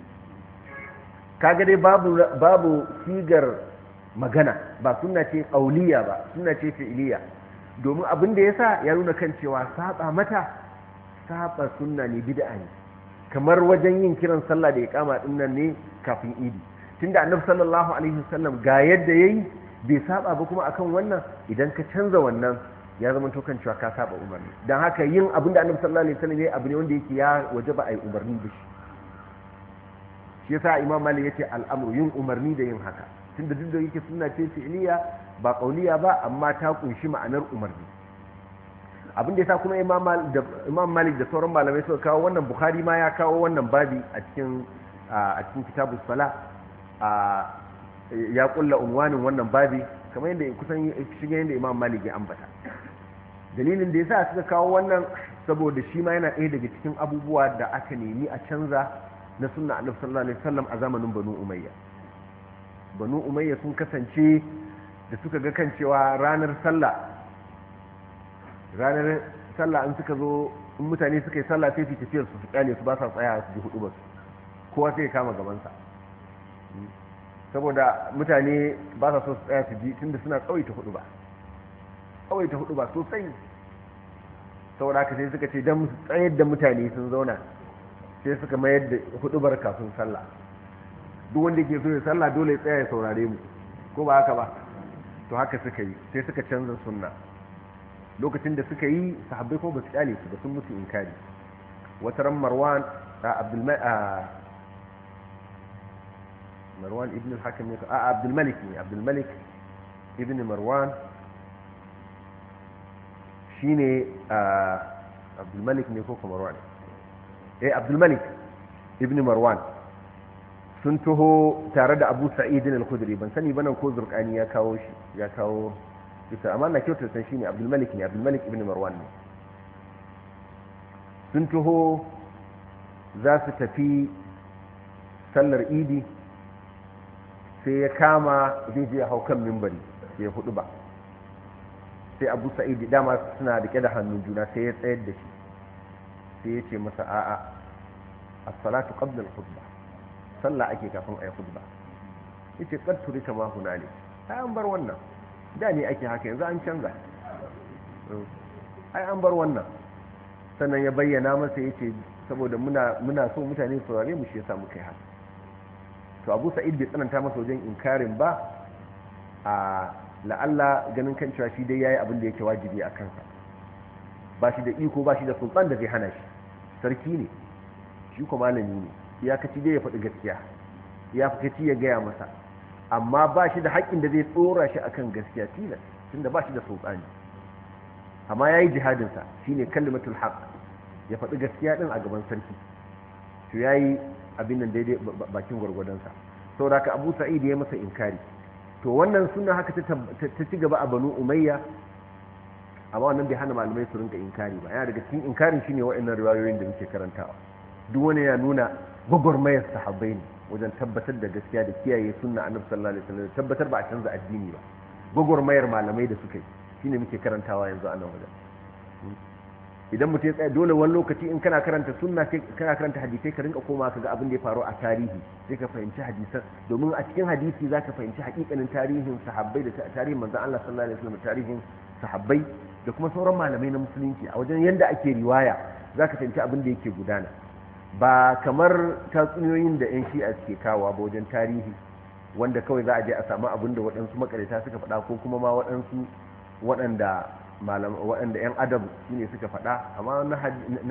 kaga dai babu sigar magana ba suna ce ƙauliya ba suna ce fi'liya domin abin da ya sa ya nuna kan cewa saba mata saba sunna ne bid'a ne kamar wajen yin kiran sallah da iqama din nan ne kafin idi tunda annabi sallallahu alaihi wasallam ga yadda yayi bai saba ba kuma akan wannan idan ka canza wannan ya zama to kan cewa ka saba umarni dan haka yin abin da annabi sallallahu alaihi wasallam yayi abu ne wanda yake ya wajaba ai umarni da shi shi yasa imam malik yace al'amru yin umarni da yin haka tunda duk da yake sunna ce fi'liya ba qauliya ba amma ta kunshi ma'anar umarni abin da ya sa kuma imam malik da sauran malamai suka kawo wannan bukhari ma ya kawo wannan babi a cikin a cikin sala ya kulla unwanin wannan babi kamar yadda kusan yadda imam malik ya ambata dalilin da ya sa suka kawo wannan saboda shi ma yana ɗaya daga cikin abubuwa da aka nemi a canza na sunna alif sallallahu alaihi a zamanin banu umayya banu umayya sun kasance da suka ga kan cewa ranar sallah ranar sallah an suka zo in mutane suka yi sallah sai su tafiyar su su ba sa tsaya su ji hudu ba su kowa sai ya kama gabansa saboda mutane ba sa so su tsaya su ji tunda suna tsawaita hudu ba tsawaita hudu ba sosai saboda haka sai suka ce don tsayar da mutane sun zauna sai suka mayar da bar kafin sallah duk wanda ke so ya sallah dole ya tsaya ya saurare mu ko ba haka ba to haka suka yi sai suka canza sunna lokacin da suka yi sahabbai ko ba su kyale su ba sun musu inkari wata ran marwan marwan ibn al-hakim ne a abdulmalik ne abdulmalik ibn marwan shi shine abdulmalik ne ko kuma marwan eh abdulmalik ibn marwan sun taho tare da abu sa'id al-khudri ban sani ba nan ko zurkani ya kawo shi ya kawo isa amma na kyautar san ne abdul malik ne abdul ibn marwan ne sun taho za su tafi sallar idi sai ya kama zai je hau kan mimbari sai ya hudu ba sai abu sa'idi dama suna rike da hannun juna sai ya tsayar da shi sai ya ce masa a'a as-salatu qabla hudba sallah ake kafin ayi khutba yace qad turika ma hunalik ta an bar wannan da ne ake haka yanzu an canza ai an bar wannan sannan ya bayyana masa ya ce saboda muna so mutane saurare mu shi ya samu kai haka to abu sa'id bai tsananta masa wajen inkarin ba a la'alla ganin kan cewa shi dai ya yi abin da yake wajibi a kansa ba shi da iko ba shi da sultan da zai hana shi sarki ne shi kuma malami ne ya kaci dai ya faɗi gaskiya ya fi kaci ya gaya masa amma ba shi da haƙƙin da zai tsora shi akan gaskiya tilas tunda ba shi da sultani amma yayi jihadin sa shine kalimatul haqq ya faɗi gaskiya ɗin a gaban sarki to yayi abin nan daidai bakin gurgurdan sa saboda ka Abu Sa'id ya masa inkari to wannan sunna haka ta ci gaba a Banu Umayya amma wannan bai hana malamai su rinka inkari ba yana daga cikin inkarin shine waɗannan riwayoyin da muke karantawa duk wani ya nuna gwagwarmayar sahabbai ne wajen tabbatar da gaskiya da kiyaye sunna annabi sallallahu alaihi wasallam tabbatar ba a canza addini ba mayar malamai da suka yi shine muke karantawa yanzu a nan wajen idan mutum ya tsaya dole wani lokaci in kana karanta sunna sai kana karanta hadisi ka rinka koma ka ga abin da ya faru a tarihi sai ka fahimci hadisan domin a cikin hadisi zaka fahimci hakikanin tarihin sahabbai da tarihin manzon Allah sallallahu alaihi wasallam tarihin sahabbai da kuma sauran malamai na musulunci a wajen yanda ake riwaya zaka fahimci abin da yake gudana ba kamar tatsuniyoyin da 'yan shi'a suke kawo ba wajen tarihi wanda kawai za a je a samu abin da waɗansu makarita suka faɗa ko kuma ma waɗansu waɗanda 'yan adam su ne suka faɗa amma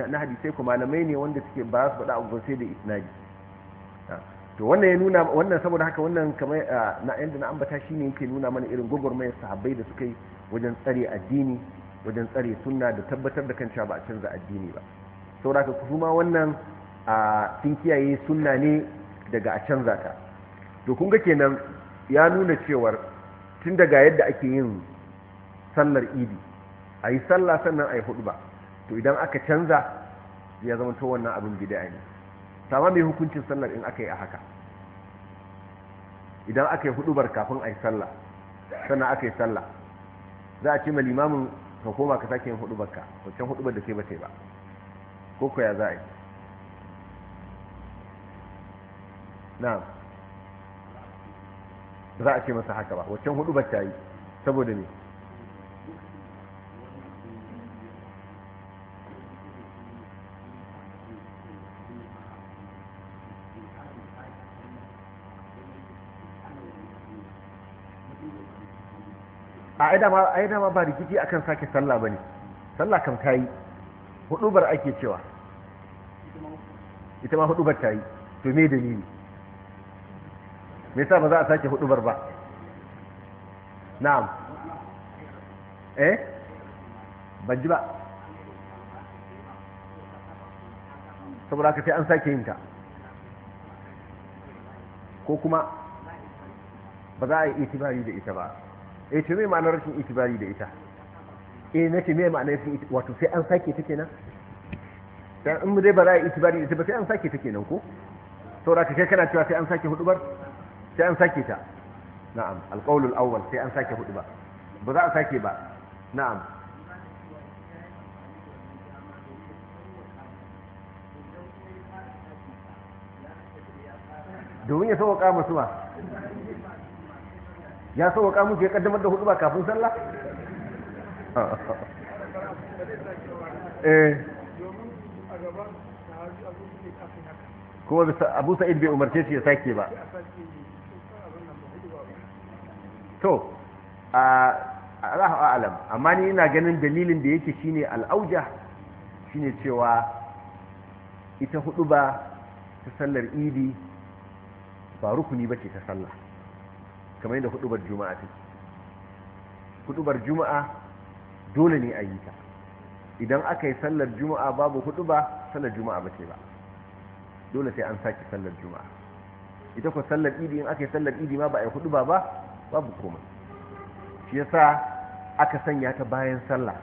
na hadisai ku malamai ne wanda suke ba su faɗa abubuwan sai da isnadi ah, to wannan ya nuna wannan saboda haka wannan kamar ah, na yanda na ambata shi ne yake nuna mana irin gwagwarmayar sahabbai da suka yi wajen tsare addini wajen tsare sunna da tabbatar da kan cewa ba a canza addini ba saboda haka ma wannan a sun kiyaye sunna ne daga a canza ta to kun ga kenan ya nuna cewar tun daga yadda ake yin sallar idi a yi sallah sannan a yi hudu ba to idan aka canza ya zama to wannan abin bid'a ne sama mai hukuncin sallar in aka yi a haka idan aka yi hudubar kafin a yi sallah sannan aka yi sallah za a ce ma limamin ka koma ka sake yin hudubar ka wacce hudubar da ke ba sai ba ko ko ya za a yi na'am za a ce masa haka ba waccan hudu ba ta yi saboda ne a yi dama ba rikici akan sake sallah bane sallah kam yi hudubar ake cewa ita ma hudubar yi to me dalili me yasa ba za a sake hudubar ba na'am eh ban ji ba saboda haka sai an sake yin ta ko kuma ba za a yi itibari da ita ba e eh, ce me ma'anar rashin itibari da ita E, na ce me ma'anar rashin itibari wato sai an sake ta kenan dan in dai ba za a yi itibari da ita ba sai an sake ta kenan ko saboda haka kai kana cewa sai an sake hudubar sai an sake ta na'am alƙaulul awwal sai an sake hudu ba ba za a sake ba na'am domin ya sauwaka masu ba ya sauwaka musu ya kaddamar da hudu ba kafin sallah eh kuma abu sa'id bai umarce shi ya sake ba to a a'lam amma ni ina ganin dalilin da yake shine al'auja shine cewa ita hudu ba ta sallar idi ba rukuni ba ce ta salla, kamar yadda hudubar juma'a take hudubar juma'a dole ne a yi ta idan aka yi sallar juma'a babu hudu ba sallar juma'a ba ce ba dole sai an sake sallar juma'a ita ko sallar idi in aka yi sallar idi ma ba a yi hudu ba ba babu komai shi yasa aka sanya ta bayan sallah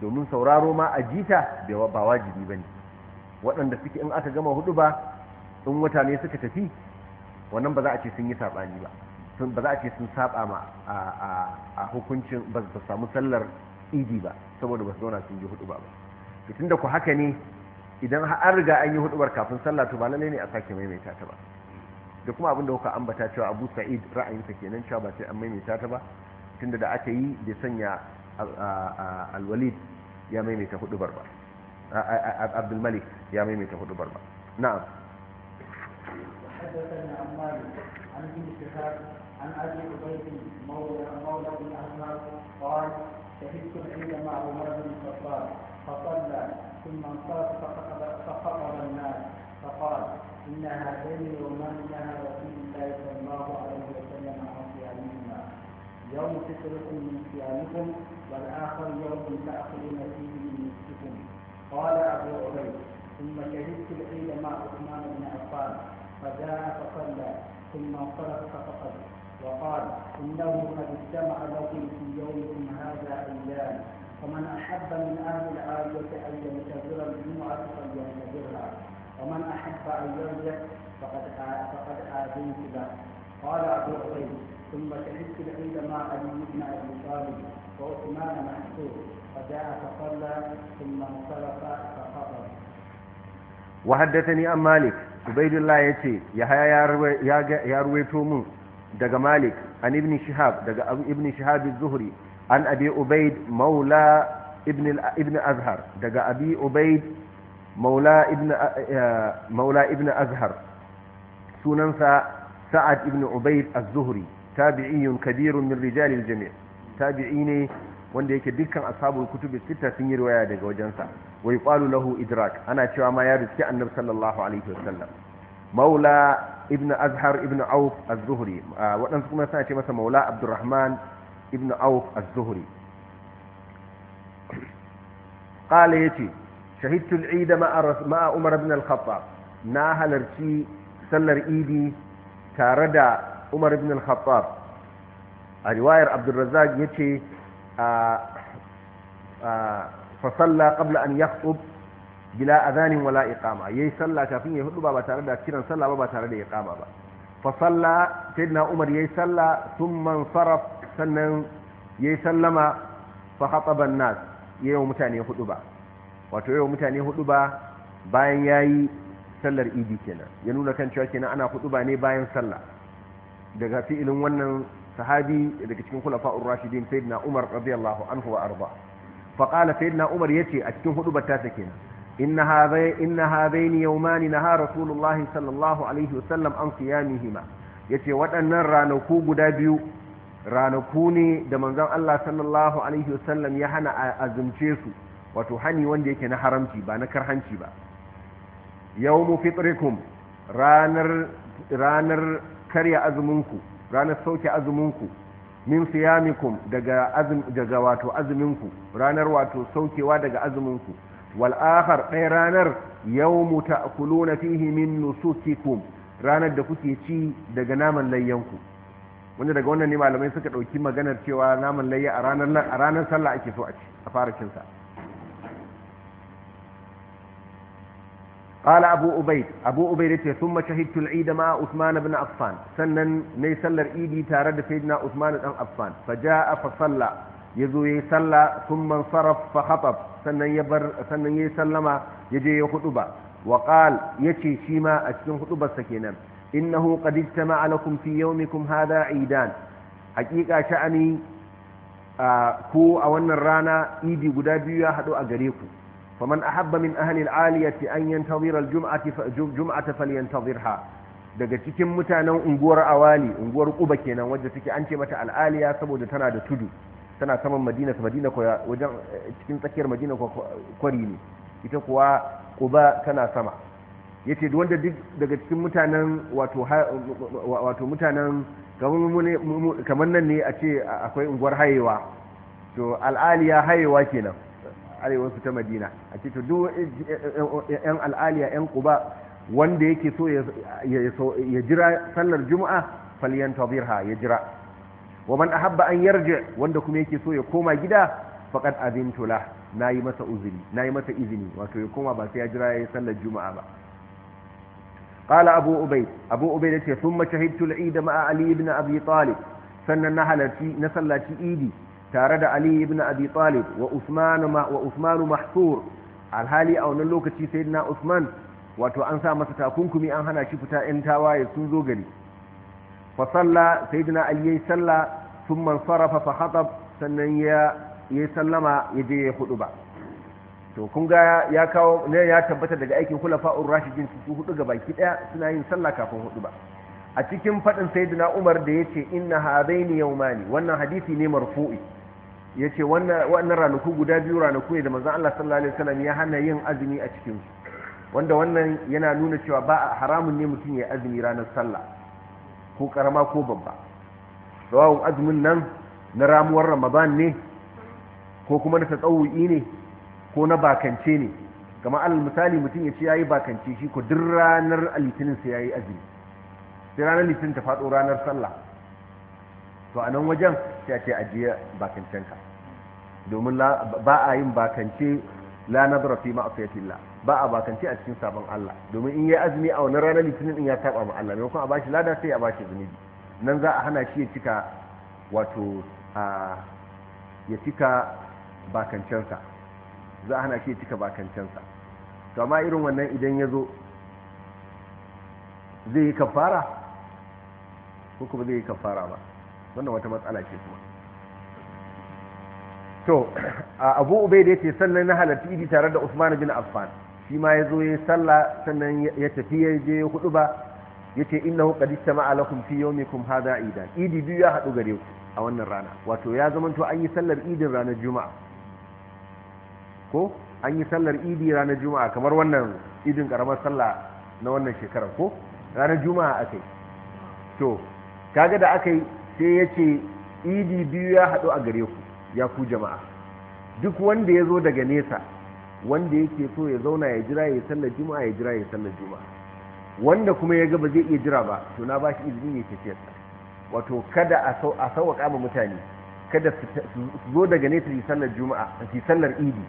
domin sauraro ma a jita ba wajibi bane waɗanda suke in aka gama hudu ba in wata ne suka tafi wannan ba za a ce sun yi saɓani ba ba za a ce sun saba ma a hukuncin ba su samu sallar idi ba saboda ba su zauna sun yi hudu ba ba tunda ku haka ne idan har riga an yi hudubar kafin sallah to ba lalle ne a sake maimaita ta ba da kuma abin da kuka ambata cewa abu sa'id ra'ayin sa kenan cewa ba sai an maimaita ta ba tunda da aka yi da sanya Al-Walid ya maimaita hudu barba abdul malik ya maimaita hudu barba na'am عن ابي عبيد مولى مولى بن احمد قال شهدت العيد مع عمر بن الخطاب فصلى ثم انصرف فخطب الناس فقال إنها تجد من نهى رسول الله صلى الله عليه وسلم عن صيامهما يوم تتركم من صيامكم والآخر يوم تأخذون فيه من نفسكم قال أبو عبيد ثم شهدت العيد مع عثمان بن عفان فجاء فصلى ثم انصرف فسقط وقال إنه قد اجتمع لكم في يومكم هذا أيام فمن أحب من أهل العالية أن ينتظر الجمعة فلينتظرها ومن أحب أن يرجع فقد فقد آذنت له قال أبو عبيد ثم شهدت عندما علي بن أبي طالب وعثمان محسود فجاء فصلى ثم انصرف فخطب وحدثني عن مالك عبيد الله يتي يا رويتو من daga Malik an ibn Shihab daga ibn Shihab az-Zuhri an Abi Ubaid ابن ابن ibn Azhar daga Abi maula ibn azhar sunansa sa'ad ibn ubaid az-zuhri tabi'iyun kabirun min rijalil jami' tabi'i ne wanda yake dukkan ashabul kutubi sita sun yi riwaya daga wajensa wa yuqalu lahu idrak ana cewa ma ya riski annabi sallallahu alaihi wasallam maula ibn azhar ibn auf az-zuhri waɗansu kuma suna ce masa maula abdurrahman ibn auf az-zuhri qala ce. shahidtul eid ma'a umar ibn al-khattab na halarci sallar idi tare da umar ibn al-khattab a riwayar abdurrazzaq yace fa salla qabla an yakhutub bila adhanin wala iqama yayi sallah kafin ya hudu ba tare da kiran sallah ba ba tare da iqama ba fa salla sayyidina umar yayi sallah thumma sarf sannan yai sallama fa khataba an-nas yayi mutane hudu ba wato yau mutane hudu ba bayan yayi sallar idi kenan ya nuna kan cewa kenan ana hudu ba ne bayan sallah daga fi'ilin wannan sahabi daga cikin khulafa'ur rashidin sayyidina Umar radiyallahu anhu wa arba. fa qala sayyidina Umar yace a cikin hudu ta kenan inna hadha inna hadaini yawmani naha rasulullahi sallallahu alaihi wasallam an qiyamihima yace waɗannan ranaku guda biyu ranaku ne da manzon Allah sallallahu alaihi sallam ya hana azumce su wato hani wanda yake na haramci ba na karhanci ba yawmu fitrikum ranar ranar karya azuminku ranar sauke azuminku min siyamikum daga azum daga wato azuminku ranar wato saukewa daga azuminku wal ɗaya ranar yawmu ta'kuluna fihi min nusukikum ranar da kuke ci daga naman layyanku wanda daga wannan ne malamai suka ɗauki maganar cewa naman layya a ranar sallah ake so a ci a fara قال أبو أبيد أبو أبيد ثم شهدت العيد مع عثمان بن عفان سنن نيسلر إيدي تارد سيدنا عثمان بن عفان فجاء فصلى يزو يصلى ثم انصرف فخطب سنن يبر سنن يسلم يجي خطبة وقال يتي شيما أشتم خطبة سكينا إنه قد اجتمع لكم في يومكم هذا عيدان حقيقة شأني آه كو أولنا رانا إيدي قدابيو يحدو أغريكم فمن أحب من أهل العالية an ينتظر الجمعة jum'ata falyantazirha daga cikin mutanen unguwar awali unguwar kuba kenan wadda take an ce mata al'aliya saboda tana da tudu tana saman madina madina ko wajen cikin tsakiyar madina kwari ne ita kuwa kuba tana sama yace duk wanda duk daga cikin mutanen wato wato mutanen kamar nan ne a ce akwai unguwar hayewa to al'aliya hayewa kenan arewarsu ta madina a cikin to duk yan al'aliya yan kuba wanda yake so ya jira sallar juma'a falyan tabirha ya jira wa man ahabba an yarji wanda kuma yake so ya koma gida faqad azintu la nayi masa uzuri nayi masa izini wato ya koma ba sai ya jira yayin sallar juma'a ba qala abu ubayd abu ubayd yace thumma shahidtu al-eid ma'a ali ibn abi talib sannan na halarci na sallaci idi tare da ali ibn abi talib wa Usmanu wa Uthman mahsur alhali a wannan lokaci sayyidina usman wato an sa masa takunkumi an hana shi fita yan tawaye sun zo gari fa salla sayyidina ali ya salla thumma sarafa fa khatab sannan ya ya sallama ya je ya hudu ba to kun ga ya kawo ne ya tabbata daga aikin khulafa'ur rashidin su hudu ga baki daya suna yin sallah kafin hudu ba a cikin faɗin sayyidina umar da ya ce inna hadaini yawmani wannan hadisi ne marfu'i ya ce wannan ranaku guda biyu ranaku ne da mazan Allah sallallahu Alaihi wasallam ya hana yin azumi a cikinsu wanda wannan yana nuna cewa ba haramun ne mutum ya azumi ranar sallah ko karama ko babba tsawon azumin nan na ramuwar ramadan ne ko kuma na tsawo'i ne ko na bakance ne kama alal misali mutum ya ce ya yi bakance shi ko duk ranar litinin sai ya yi azumi sai ranar litinin ta faɗo ranar sallah to a nan wajen sai a ce ajiye bakancenka domin ba a yin bakance la nazara fi Allah ba a bakance a cikin sabon Allah domin in yayi azumi a wannan ranar litinin in ya taba ma Allah maimakon a bashi lada sai a bashi zunubi nan za a hana shi ya cika wato a ya cika bakancensa za a hana shi ya cika bakancensa to amma irin wannan idan ya zo zai yi kafara ko kuma zai yi kafara ba wannan wata matsala ce kuma to abu ubai da ce sannan na halarci idi tare da usman bin affan shi ma ya zo ya salla sannan ya tafi ya je hudu ba ya ce innahu qad istama'a lakum fi yawmikum hadha idan idi biyu ya hadu gare ku a wannan rana wato ya to an yi sallar idin ranar juma'a ko an yi sallar idi ranar juma'a kamar wannan idin karamar sallah na wannan shekarar ko ranar juma'a akai to kaga da akai sai ya ce idi biyu ya hadu a gare ku ya ku jama'a duk wanda ya zo daga nesa wanda yake so ya zauna ya jira ya sallar juma'a ya jira ya sallar juma'a wanda kuma ya gaba zai iya jira ba to na ba shi izini ya tafi sa wato kada a sauƙa ma mutane kada su zo daga nesa su sallar juma'a su sallar idi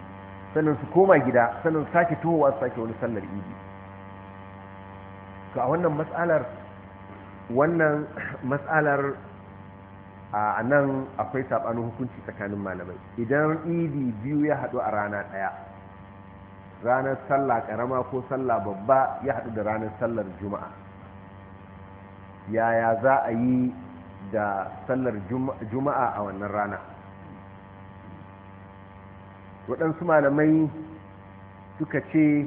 sannan su koma gida sannan su sake tuhowa su sake wani sallar idi to a wannan matsalar wannan matsalar a nan akwai saɓanin hukunci tsakanin malamai idan idi biyu ya haɗu a rana ɗaya ranar sallah ƙarama ko sallah babba ya haɗu da ranar sallar juma'a yaya za a yi da sallar juma'a a wannan rana waɗansu malamai suka ce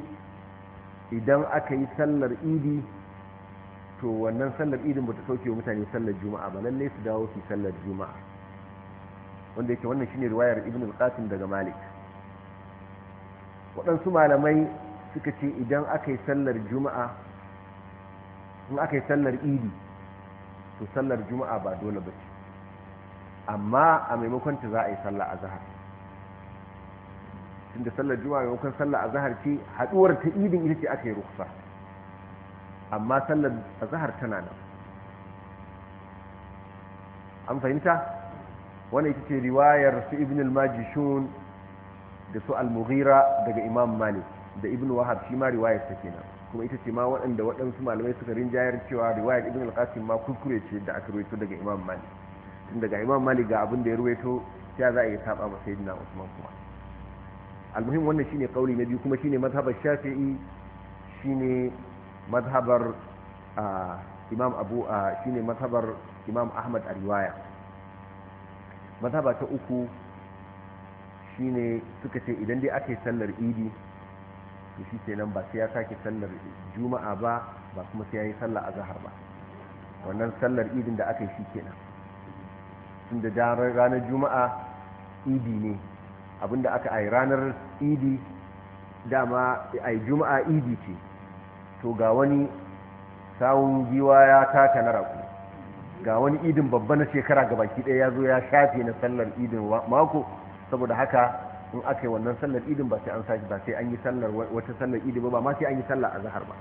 idan aka yi sallar idi to wannan sallar idin ba ta sauke wa mutane sallar juma'a ba lallai su dawo su sallar juma'a wanda yake wannan shine riwayar ibn al-qasim daga malik waɗansu malamai suka ce idan aka yi sallar juma'a in aka yi sallar idi to sallar juma'a ba dole ba ce amma a maimakon ta za a yi sallar tun tunda sallar juma'a maimakon sallar zahar ce haɗuwar ta idin ita ce aka yi ruksa amma sallar azahar tana nan an fahimta wani ita ce riwayar su ibn al-majishun da su al-mughira daga imam malik da ibn wahab shi ma riwayar ta kenan kuma ita ce ma waɗanda waɗansu malamai suka rinjayar cewa riwayar ibn al-qasim ma kurkure ce da aka ruwaito daga imam malik tun daga imam malik ga abin da ya ruwaito ya za a yi saba ma sayyidina usman kuma almuhim wannan shine kauli na biyu kuma shine mazhabar shafi'i shine mazhabar imam abu shine mazhabar imam ahmad a riwaya mazhaba ta uku shine suka ce idan dai aka yi sallar idi to shi nan ba sai ya sake sallar juma'a ba ba kuma sai ya yi sallar azahar ba wannan sallar idin da aka yi shi nan sun da ranar juma'a idi ne abinda aka yi ranar idi dama a juma'a idi ce to ga wani sawun giwa ya taka na raku ga wani idin babba na shekara ga baki ɗaya ya zo ya shafe na sallar idin mako saboda haka in aka yi wannan sallar idin ba sai an sake ba sai an yi sallar wata sallar idin ba ma sai an yi sallar zahar ba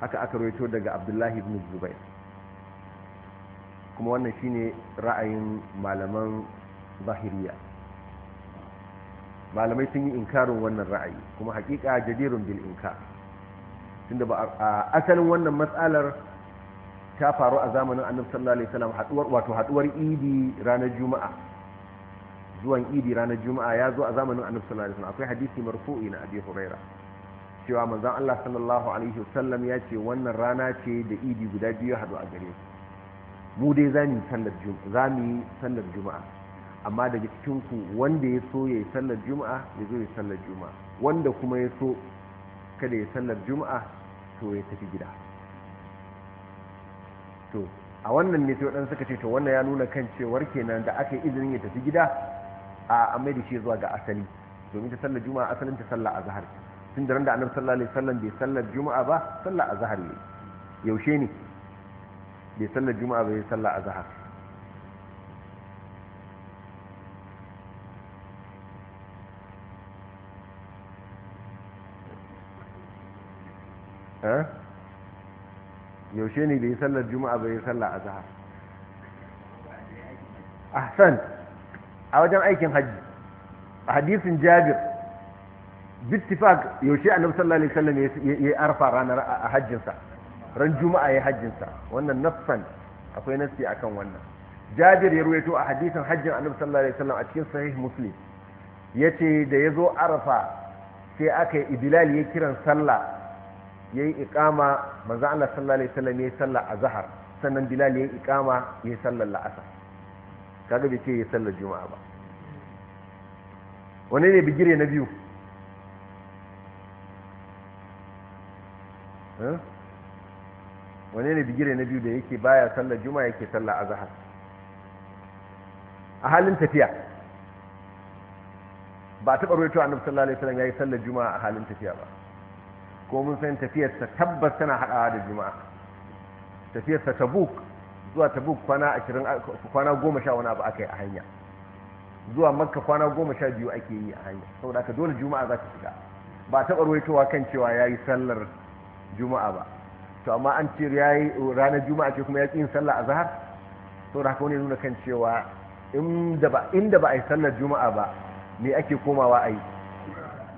haka aka roito daga abdullahi ibn zubair kuma wannan shine ra'ayin malaman zahiriya malamai sun yi inkarin wannan ra'ayi kuma hakika jadirun bil inkar tunda ba a asalin wannan matsalar ta faru a zamanin annabi sallallahu alaihi wasallam haduwar wato haduwar idi ranar juma'a zuwan idi ranar juma'a ya zo a zamanin annabi sallallahu alaihi wasallam akwai hadisi marfu'i na abi huraira cewa manzon Allah sallallahu alaihi wasallam ya ce wannan rana ce da idi guda biyu hadu a gare mu dai zamu sallar juma'a zamu sallar juma'a amma daga cikin ku wanda ya so yayi sallar juma'a ya zo ya sallar juma'a wanda kuma ya so kada ya sallar juma'a to ya tafi gida to a wannan ne sai suka ce to wannan ya nuna kan cewar kenan da aka yi izinin ya tafi gida a amai da shi zuwa ga asali domin ta sallar juma'a asalin ta sallar azhar tun da ran da annabi sallallahu alaihi wasallam bai sallar juma'a ba sallar azhar ne yaushe ne bai sallar juma'a bai sallar azhar Eh? yaushe ne da yi sallar juma'a bai yi sallar azhar ahsan a wajen aikin hajji a hadisin jabir bittifak yaushe annabi sallallahu alaihi wasallam ya yi arfa ranar hajjinsa ran juma'a ya hajjinsa wannan nafsan akwai nafsi akan wannan jabir ya ruwaito a hadisin hajjin annabi sallallahu alaihi wasallam a cikin sahih muslim yace da yazo arfa sai aka yi idilal ya kiran sallah yi ikama manzo Allah sallallahu alaihi wasallam sallah sallar azhar sannan Bilal ikama ya yi sallar la'asar kaga bai ce ya yi sallar juma'a ba wane ne bigire na biyu wane ne bigire na biyu da yake baya sallar juma'a yake sallar azhar a halin tafiya ba a taɓa ruwaito annabi sallallahu alaihi wasallam yayi sallar juma'a a halin tafiya ba ko mun san tafiyarsa tabbas tana haɗawa da juma'a tafiyarsa tabuk zuwa tabuk kwana kwana goma sha wani abu aka yi a hanya zuwa makka kwana goma sha biyu ake yi a hanya saboda haka dole juma'a za ta fita ba taɓa ruwaitowa kan cewa ya yi sallar juma'a ba to amma an ce ya yi ranar juma'a ce kuma ya ƙi yin sallah a zahar saboda haka wani nuna kan cewa inda ba a yi sallar juma'a ba me ake komawa a yi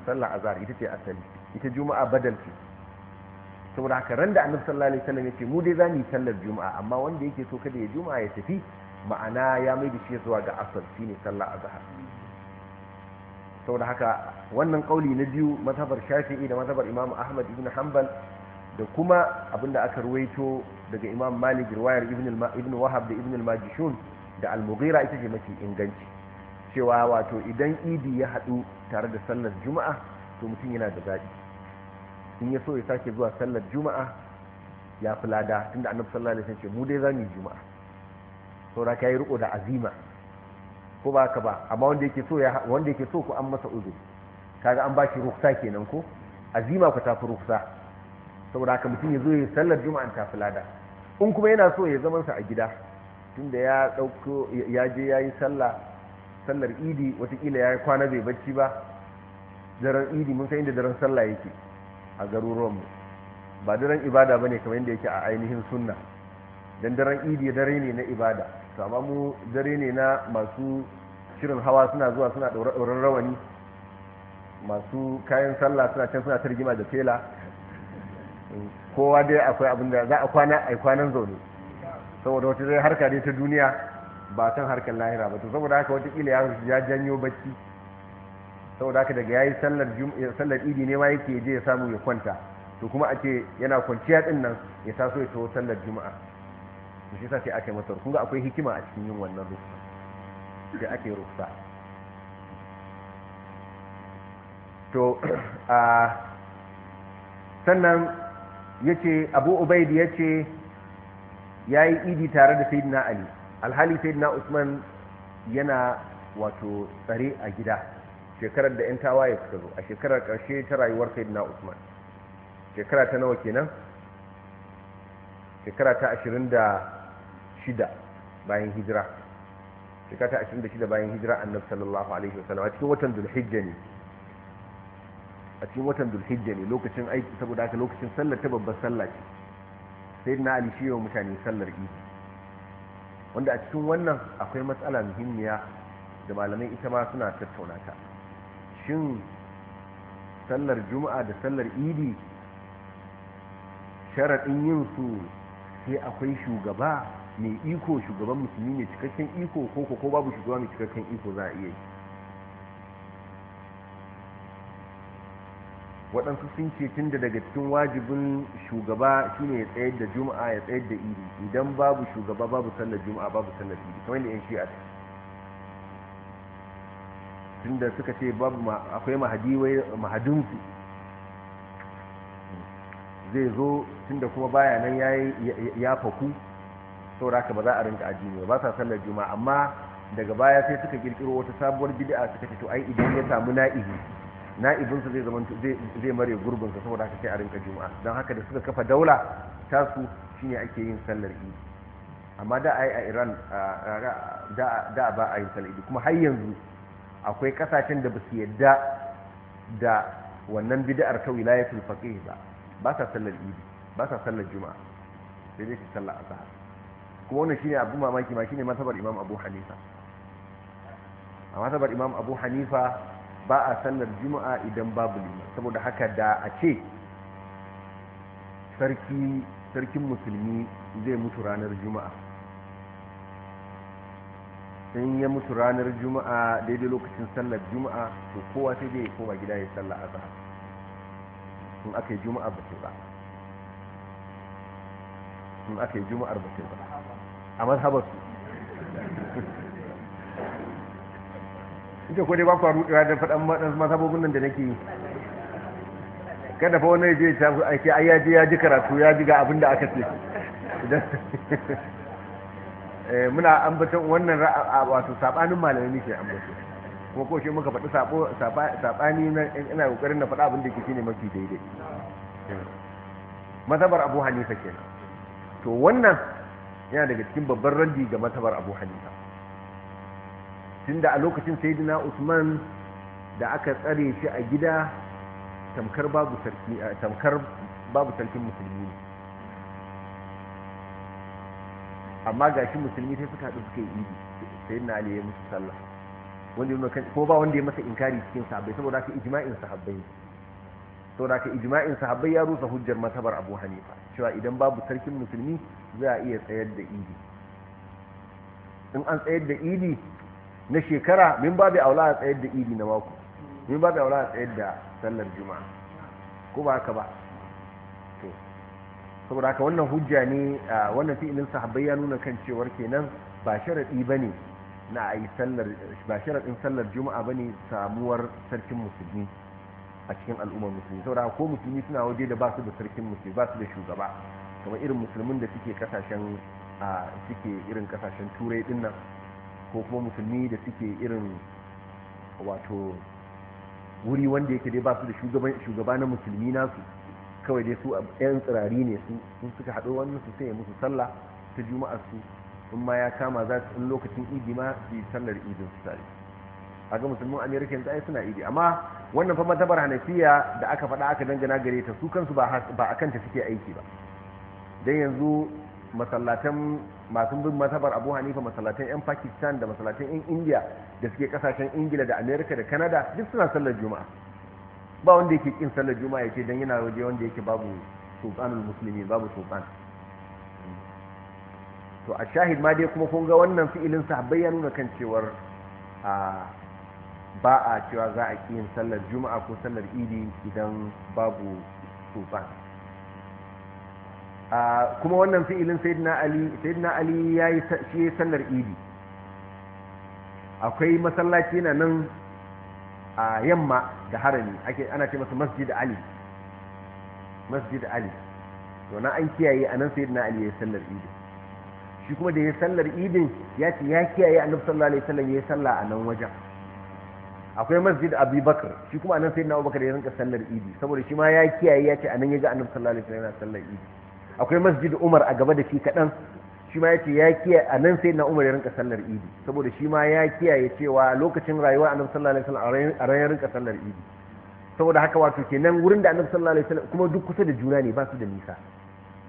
sallar azhar ita ce asali ita juma'a badal ce saboda haka randa da sallallahu alaihi wasallam yace mu dai zamu sallar juma'a amma wanda yake so kada ya juma'a ya tafi ma'ana ya mai da shi zuwa ga asar shine sallar azhar saboda haka wannan kauli na biyu mazhabar shafi'i da mazhabar imam ahmad ibn hanbal da kuma abinda aka ruwaito daga imam malik riwayar ibn wahab da ibn al-majishun da al-mughira ita ce mafi inganci cewa wato idan idi ya hadu tare da sallar juma'a to mutum yana da daɗi. in ya so ya sake zuwa sallar juma'a ya fi lada tunda annabi sallallahu alaihi wasallam ce mu dai za mu yi juma'a saura ka yi riko da azima ko ba ka ba amma wanda yake so ya wanda yake so ku an masa uzuri kaga an baki ruksa kenan ko azima ku tafi ruksa saboda haka mutum ya zo ya sallar juma'a ta fi lada in kuma yana so ya zama sa a gida tunda ya dauko ya je ya yi sallah sallar idi watakila ya kwana bai bacci ba daren idi mun san inda daren sallah yake a garuruwanmu ba daren ibada ba ne kamar yadda yake a ainihin sunna don daren idi dare ne na ibada amma mu dare ne na masu shirin hawa suna zuwa suna ɗaurin rawani masu kayan sallah suna can suna targima da fela kowa dai akwai abin da za a kwana a kwanan zaune saboda wata zai harka dai ta duniya ba san harkar lahira ba to saboda haka wata ya janyo bacci saboda haka daga yayi sallar eh, sallar idi ne ma yake je ya samu ya kwanta to kuma a ce yana kwanciya din nan ya taso ya tawo sallar juma'a to shi yasa sai aka masa kun ga akwai hikima a cikin yin wannan rufsa sai ake rufsa to *clears throat* a sannan yace Abu Ubaid yace yayi idi tare da Sayyidina Ali alhali Sayyidina Usman yana wato tsare a gida shekarar da 'yan tawaye suka zo a shekarar ƙarshe ta rayuwar sayyidina usman shekara ta nawa kenan shekara ta 26 bayan hijira shekara ta 26 bayan hijira annabi sallallahu alaihi wasallam a cikin watan dulhijja ne a cikin watan dulhijja ne lokacin aiki saboda haka lokacin sallar ta babbar sallah ce sayyidina ali shi yawa mutane sallar idi wanda a cikin wannan akwai matsala muhimmiya da malamai ita ma suna tattauna ta shin sallar juma'a da sallar idi sharaɗin yin su sai akwai shugaba mai iko shugaban musulmi ne cikakken iko ko ko babu shugaba mai cikakken iko za a iya yi waɗansu sun ce tun da daga cikin wajibin shugaba shine ya tsayar da juma'a ya tsayar da idi idan babu shugaba babu sallar juma'a babu sallar idi kamar da yan shi'a tunda suka ce babu akwai mahadunsu zai zo tunda kuma baya nan ya faku sauraka ba za a rinka addini ba sa sallar juma'a amma daga baya sai suka kirkiro wata sabuwar bid'a suka ce to ai idan ya samu na'ibi na'ibinsa zai zama zai mare gurbinsa saboda haka sai a rinka juma'a dan haka da suka kafa daula tasu shine ake yin sallar idi amma da ai a iran da ba a yin sallar idi kuma har yanzu akwai kasashen da ba su yadda da wannan bid'ar ta wilayatul faqih ba ba sa sallar idi ba sa sallar juma'a sai dai su sallar azhar kuma wannan shine abu mamaki ma shine masabar imam abu hanifa a masabar imam abu hanifa ba a sallar juma'a idan babu liman saboda haka da a ce sarki sarkin musulmi zai mutu ranar juma'a in ya mutu ranar juma'a daidai lokacin sallar juma'a to kowa sai dai koma gida ya sallar azhar in aka yi juma'a ba ba in aka yi juma'ar ba ba a mazhabarsu *laughs* ita ko dai ba ku rudewa da faɗan mazhabobin nan da nake yi kada fa wani ya je ya ce ai ya je ya ji karatu ya ji ga abin da aka ce *laughs* Eh, muna ambaton wannan wato sabanin malamai ke ambato kuma ko shi muka faɗi sabani na ina kokarin na faɗa abin da ke shine mafi daidai mazhabar Abu Hanifa kenan to wannan yana daga cikin babban randi ga mazhabar Abu Hanifa tunda a lokacin Sayyidina Usman da aka tsare shi a gida tamkar babu sarki eh, tamkar babu sarkin musulmi ne amma ga shi musulmi sai suka haɗu suka yi idi sai na ali ya musu sallah wanda yana kan ko ba wanda ya masa inkari cikin sahabbai saboda ka ijma'in sahabbai saboda ka ijma'in sahabbai ya rusa hujjar matabar Abu Hanifa cewa idan babu sarkin musulmi za a iya tsayar da idi in an tsayar da idi na shekara min babu aula a tsayar da idi na mako min babu aula a tsayar da sallar juma'a ko ba haka ba saboda haka wannan hujja ne wannan fi'ilin sahabbai ya nuna kan cewar kenan ba sharadi bane na yi sallar ba sharadin sallar juma'a bane samuwar sarkin musulmi a cikin al'ummar musulmi saboda ko musulmi suna waje da ba su da sarkin musulmi ba su da shugaba kamar irin musulmin da suke kasashen a suke irin kasashen turai dinnan ko kuma musulmi da suke irin wato wuri wanda yake dai ba su da shugaba na musulmi nasu kawai dai su yan tsirari ne su sun suka haɗo wannan su sai musu sallah ta juma'a su in ma ya kama za su in lokacin idi ma su yi sallar idin su tare a ga musulmin amerika yanzu ai suna idi amma wannan fa matabar hanafiya da aka faɗa aka dangana gare ta su kansu ba a kanta suke aiki ba dan yanzu masallatan masu bin matabar abu hanifa masallatan yan pakistan da masallatan yan india da suke kasashen ingila da amerika da canada duk suna sallar juma'a ba wanda yake kin sallar juma'a yake dan yana waje wanda yake babu sultanul muslimi babu sultan to a shahid ma dai kuma kun ga wannan fi'ilin sa bayyana nuna kan cewar a ba a cewa za a yin sallar juma'a ko sallar idi idan babu sultan kuma wannan fi'ilin sayyidina ali sayyidina ali yayi shi sallar idi akwai masallaci na nan a yamma da harami ake ana ce masa masjid ali masjid ali to na an kiyaye anan sayyidina ali ya sallar idin shi kuma da ya sallar idin ya ce ya kiyaye a sallallahu alaihi wasallam ya salla a nan wajen akwai masjid abubakar shi kuma anan sayyidina abubakar ya rinka sallar idi saboda shi ma ya kiyaye ya ce anan ya ga annabi sallallahu alaihi wasallam yi sallar idi akwai masjid umar a gaba da shi kadan shi ma ce ya kiyaye a nan sai na umar ya rinka sallar idi saboda shi ma ya kiyaye cewa lokacin rayuwa annabi sallallahu alaihi wasallam a ran rinka sallar idi saboda haka wato kenan wurin da annabi sallallahu alaihi wasallam kuma duk kusa da juna ne ba su da nisa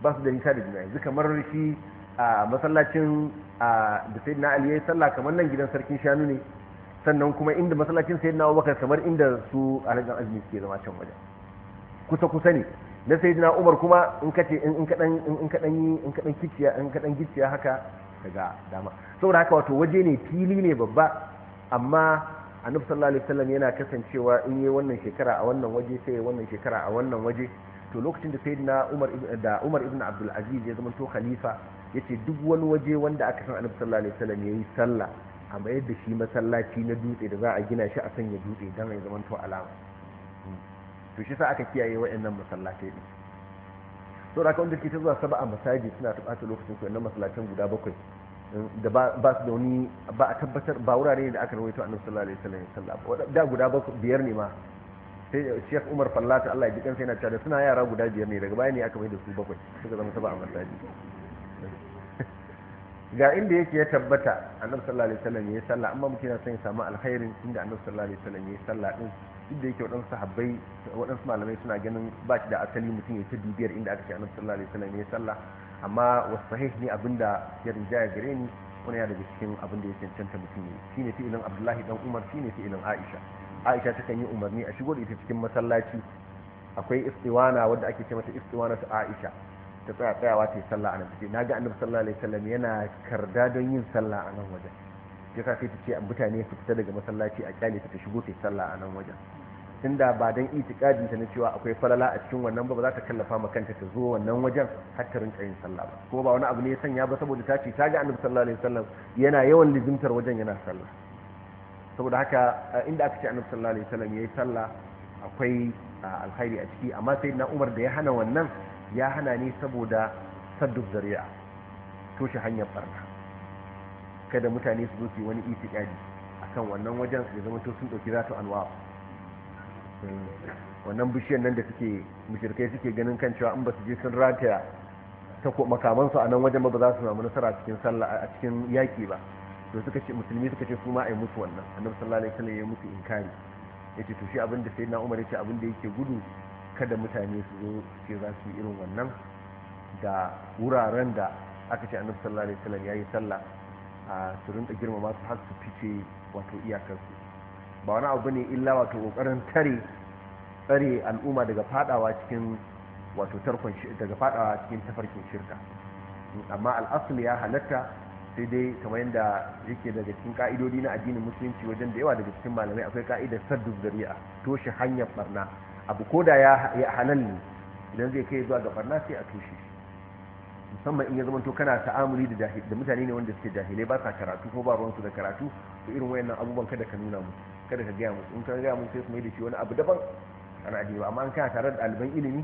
ba su da nisa da juna yanzu kamar shi a masallacin da sayyidina ali yayi sallah kamar nan gidan sarkin shanu ne sannan kuma inda masallacin sayyidina abubakar kamar inda su alhaji azumi suke zama can wajen kusa kusa ne na sayyidina umar kuma in ka ce in kaɗan in ka yi in kiciya in kaɗan giciya haka daga dama saboda haka wato waje ne fili ne babba amma annabi sallallahu alaihi wasallam yana kasancewa in yi wannan shekara a wannan waje sai wannan shekara a wannan waje to lokacin da sayyidina umar da umar ibn abdul aziz ya zama to khalifa yace duk wani waje wanda aka san annabi sallallahu alaihi wasallam yayi sallah amma yadda shi masallaci na dutse da za a gina shi a sanya dutse dan ya zama to alama to shi sa aka kiyaye waɗannan masallatai din to da wanda ke ta zuwa saba a masaji suna ta ɓata lokacin su na masallatan guda bakwai da ba su da wani ba a tabbatar ba wurare da aka rawaito annabi sallallahu alaihi wasallam da guda biyar ne ma sai Sheikh Umar Fallata Allah ya ji kansa yana cewa suna yara guda biyar ne daga baya ne aka mai da su bakwai suka zama saba a masaji *laughs* ga inda yake ya tabbata annabi sallallahu alaihi wasallam yayi sallah amma mutum yana son ya samu alkhairin inda annabi sallallahu alaihi wasallam yayi sallah din duk da yake waɗansu sahabbai waɗansu malamai suna ganin ba shi da asali mutum ya ta dubiyar inda aka ce annabi sallallahu alaihi ne ya sallah amma wasu sahih ne abinda ya rinjaya gare ni wani ya daga cikin abin da ya cancanta mutum ne shine fi'ilin abdullahi dan umar shine fi'ilin aisha aisha ta kan yi umarni a shigo da ita cikin masallaci akwai istiwana wadda ake ce mata istiwana ta aisha ta tsaya tsayawa ta yi sallah a nan ce na ga annabi sallallahu alaihi wasallam yana karda don yin sallah a nan wajen ya sa sai ta ce mutane su fita daga masallaci a kyale ta shigo ta salla a nan wajen tunda ba dan itikadin ta na cewa akwai falala a cikin wannan ba ba za ta kallafa ma kanta ta zo wannan wajen har ta rinka yin sallah ba ko ba wani abu ne ya sanya ba saboda ta ce ta ga annabi sallallahu alaihi wasallam yana yawan lizimtar wajen yana salla saboda haka inda aka ce annabi sallallahu alaihi wasallam yayi sallah akwai alkhairi a ciki amma sai na Umar da ya hana wannan ya hana ne saboda saddu zari'a toshe hanyar barna kada mutane su zo su wani itikadi akan wannan wajen su zama to sun dauki zatu anwa eh, wannan bishiyar nan da suke mushrikai suke ganin kan cewa in ba su je sun rataya ta ko makaman su a nan wajen ba ba za su samu nasara cikin sallah a cikin yaki ba to suka ce musulmi suka ce su ma ai musu wannan annabi sallallahu alaihi wasallam ya musu inkari yace to shi abin da sayyidina Umar yace abin da yake gudu kada mutane su zo ce za su yi irin wannan da wuraren da aka ce annabi sallallahu alaihi wasallam yayi sallah a su girma girmama har su fice wato iyakarsu ba wani abu ne illa wato kokarin tare tsare al'umma daga fadawa cikin wato tarkon daga fadawa cikin tafarkin shirka amma al'asul ya halatta sai dai kamar yadda yake daga cikin ka'idodi na addinin musulunci wajen da yawa daga cikin malamai akwai ka'idar saddu a toshe hanyar barna abu ko da ya halal ne idan zai kai zuwa ga barna sai a toshe musamman in ya zama to kana ta'amuli da da mutane ne wanda suke jahilai ba sa karatu ko ba su da karatu to irin wayannan abubuwan kada ka nuna musu kada ka gaya musu in ka gaya musu sai su mai da shi wani abu daban ana ajiye ba amma an kana tare da ɗaliban ilimi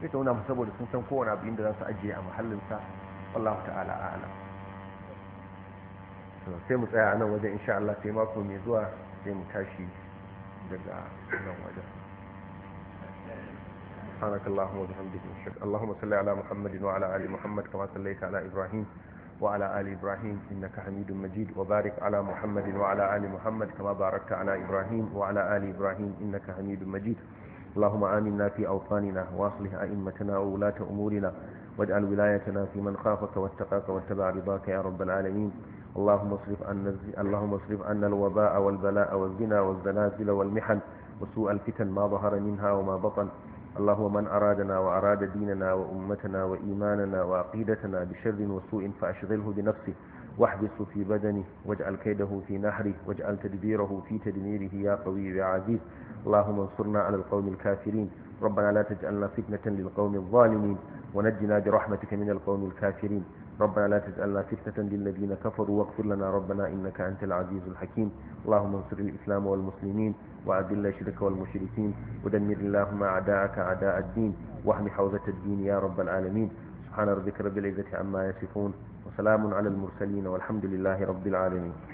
sai ta nuna musu saboda sun san kowane abu inda za su ajiye a muhallinsa wallahu ta'ala a'ala sai mu tsaya a nan wajen insha Allah sai mako mai zuwa sai mu tashi daga nan wajen سبحانك اللهم وبحمدك نشهد اللهم صل على محمد وعلى ال محمد كما صليت على ابراهيم وعلى ال ابراهيم انك حميد مجيد وبارك على محمد وعلى ال محمد كما باركت على ابراهيم وعلى ال ابراهيم انك حميد مجيد اللهم آمنا في أوطاننا وأصلح أئمتنا وولاة أمورنا واجعل ولايتنا في من خافك واتقاك واتبع رضاك يا رب العالمين اللهم اصرف عنا اللهم اصرف عنا الوباء والبلاء والزنا والزلازل والمحن وسوء الفتن ما ظهر منها وما بطن اللهم من أرادنا وأراد ديننا وأمتنا وإيماننا وعقيدتنا بشر وسوء فأشغله بنفسه واحبسه في بدنه واجعل كيده في نحره واجعل تدبيره في تدميره يا قوي يا عزيز اللهم انصرنا على القوم الكافرين ربنا لا تجعلنا فتنة للقوم الظالمين ونجنا برحمتك من القوم الكافرين ربنا لا تجعلنا فتنة للذين كفروا واغفر لنا ربنا إنك أنت العزيز الحكيم اللهم انصر الإسلام والمسلمين وأذل شرك والمشركين ودمر اللهم أعداءك أعداء الدين واحم حوزة الدين يا رب العالمين سبحان ربك رب العزة عما يصفون وسلام على المرسلين والحمد لله رب العالمين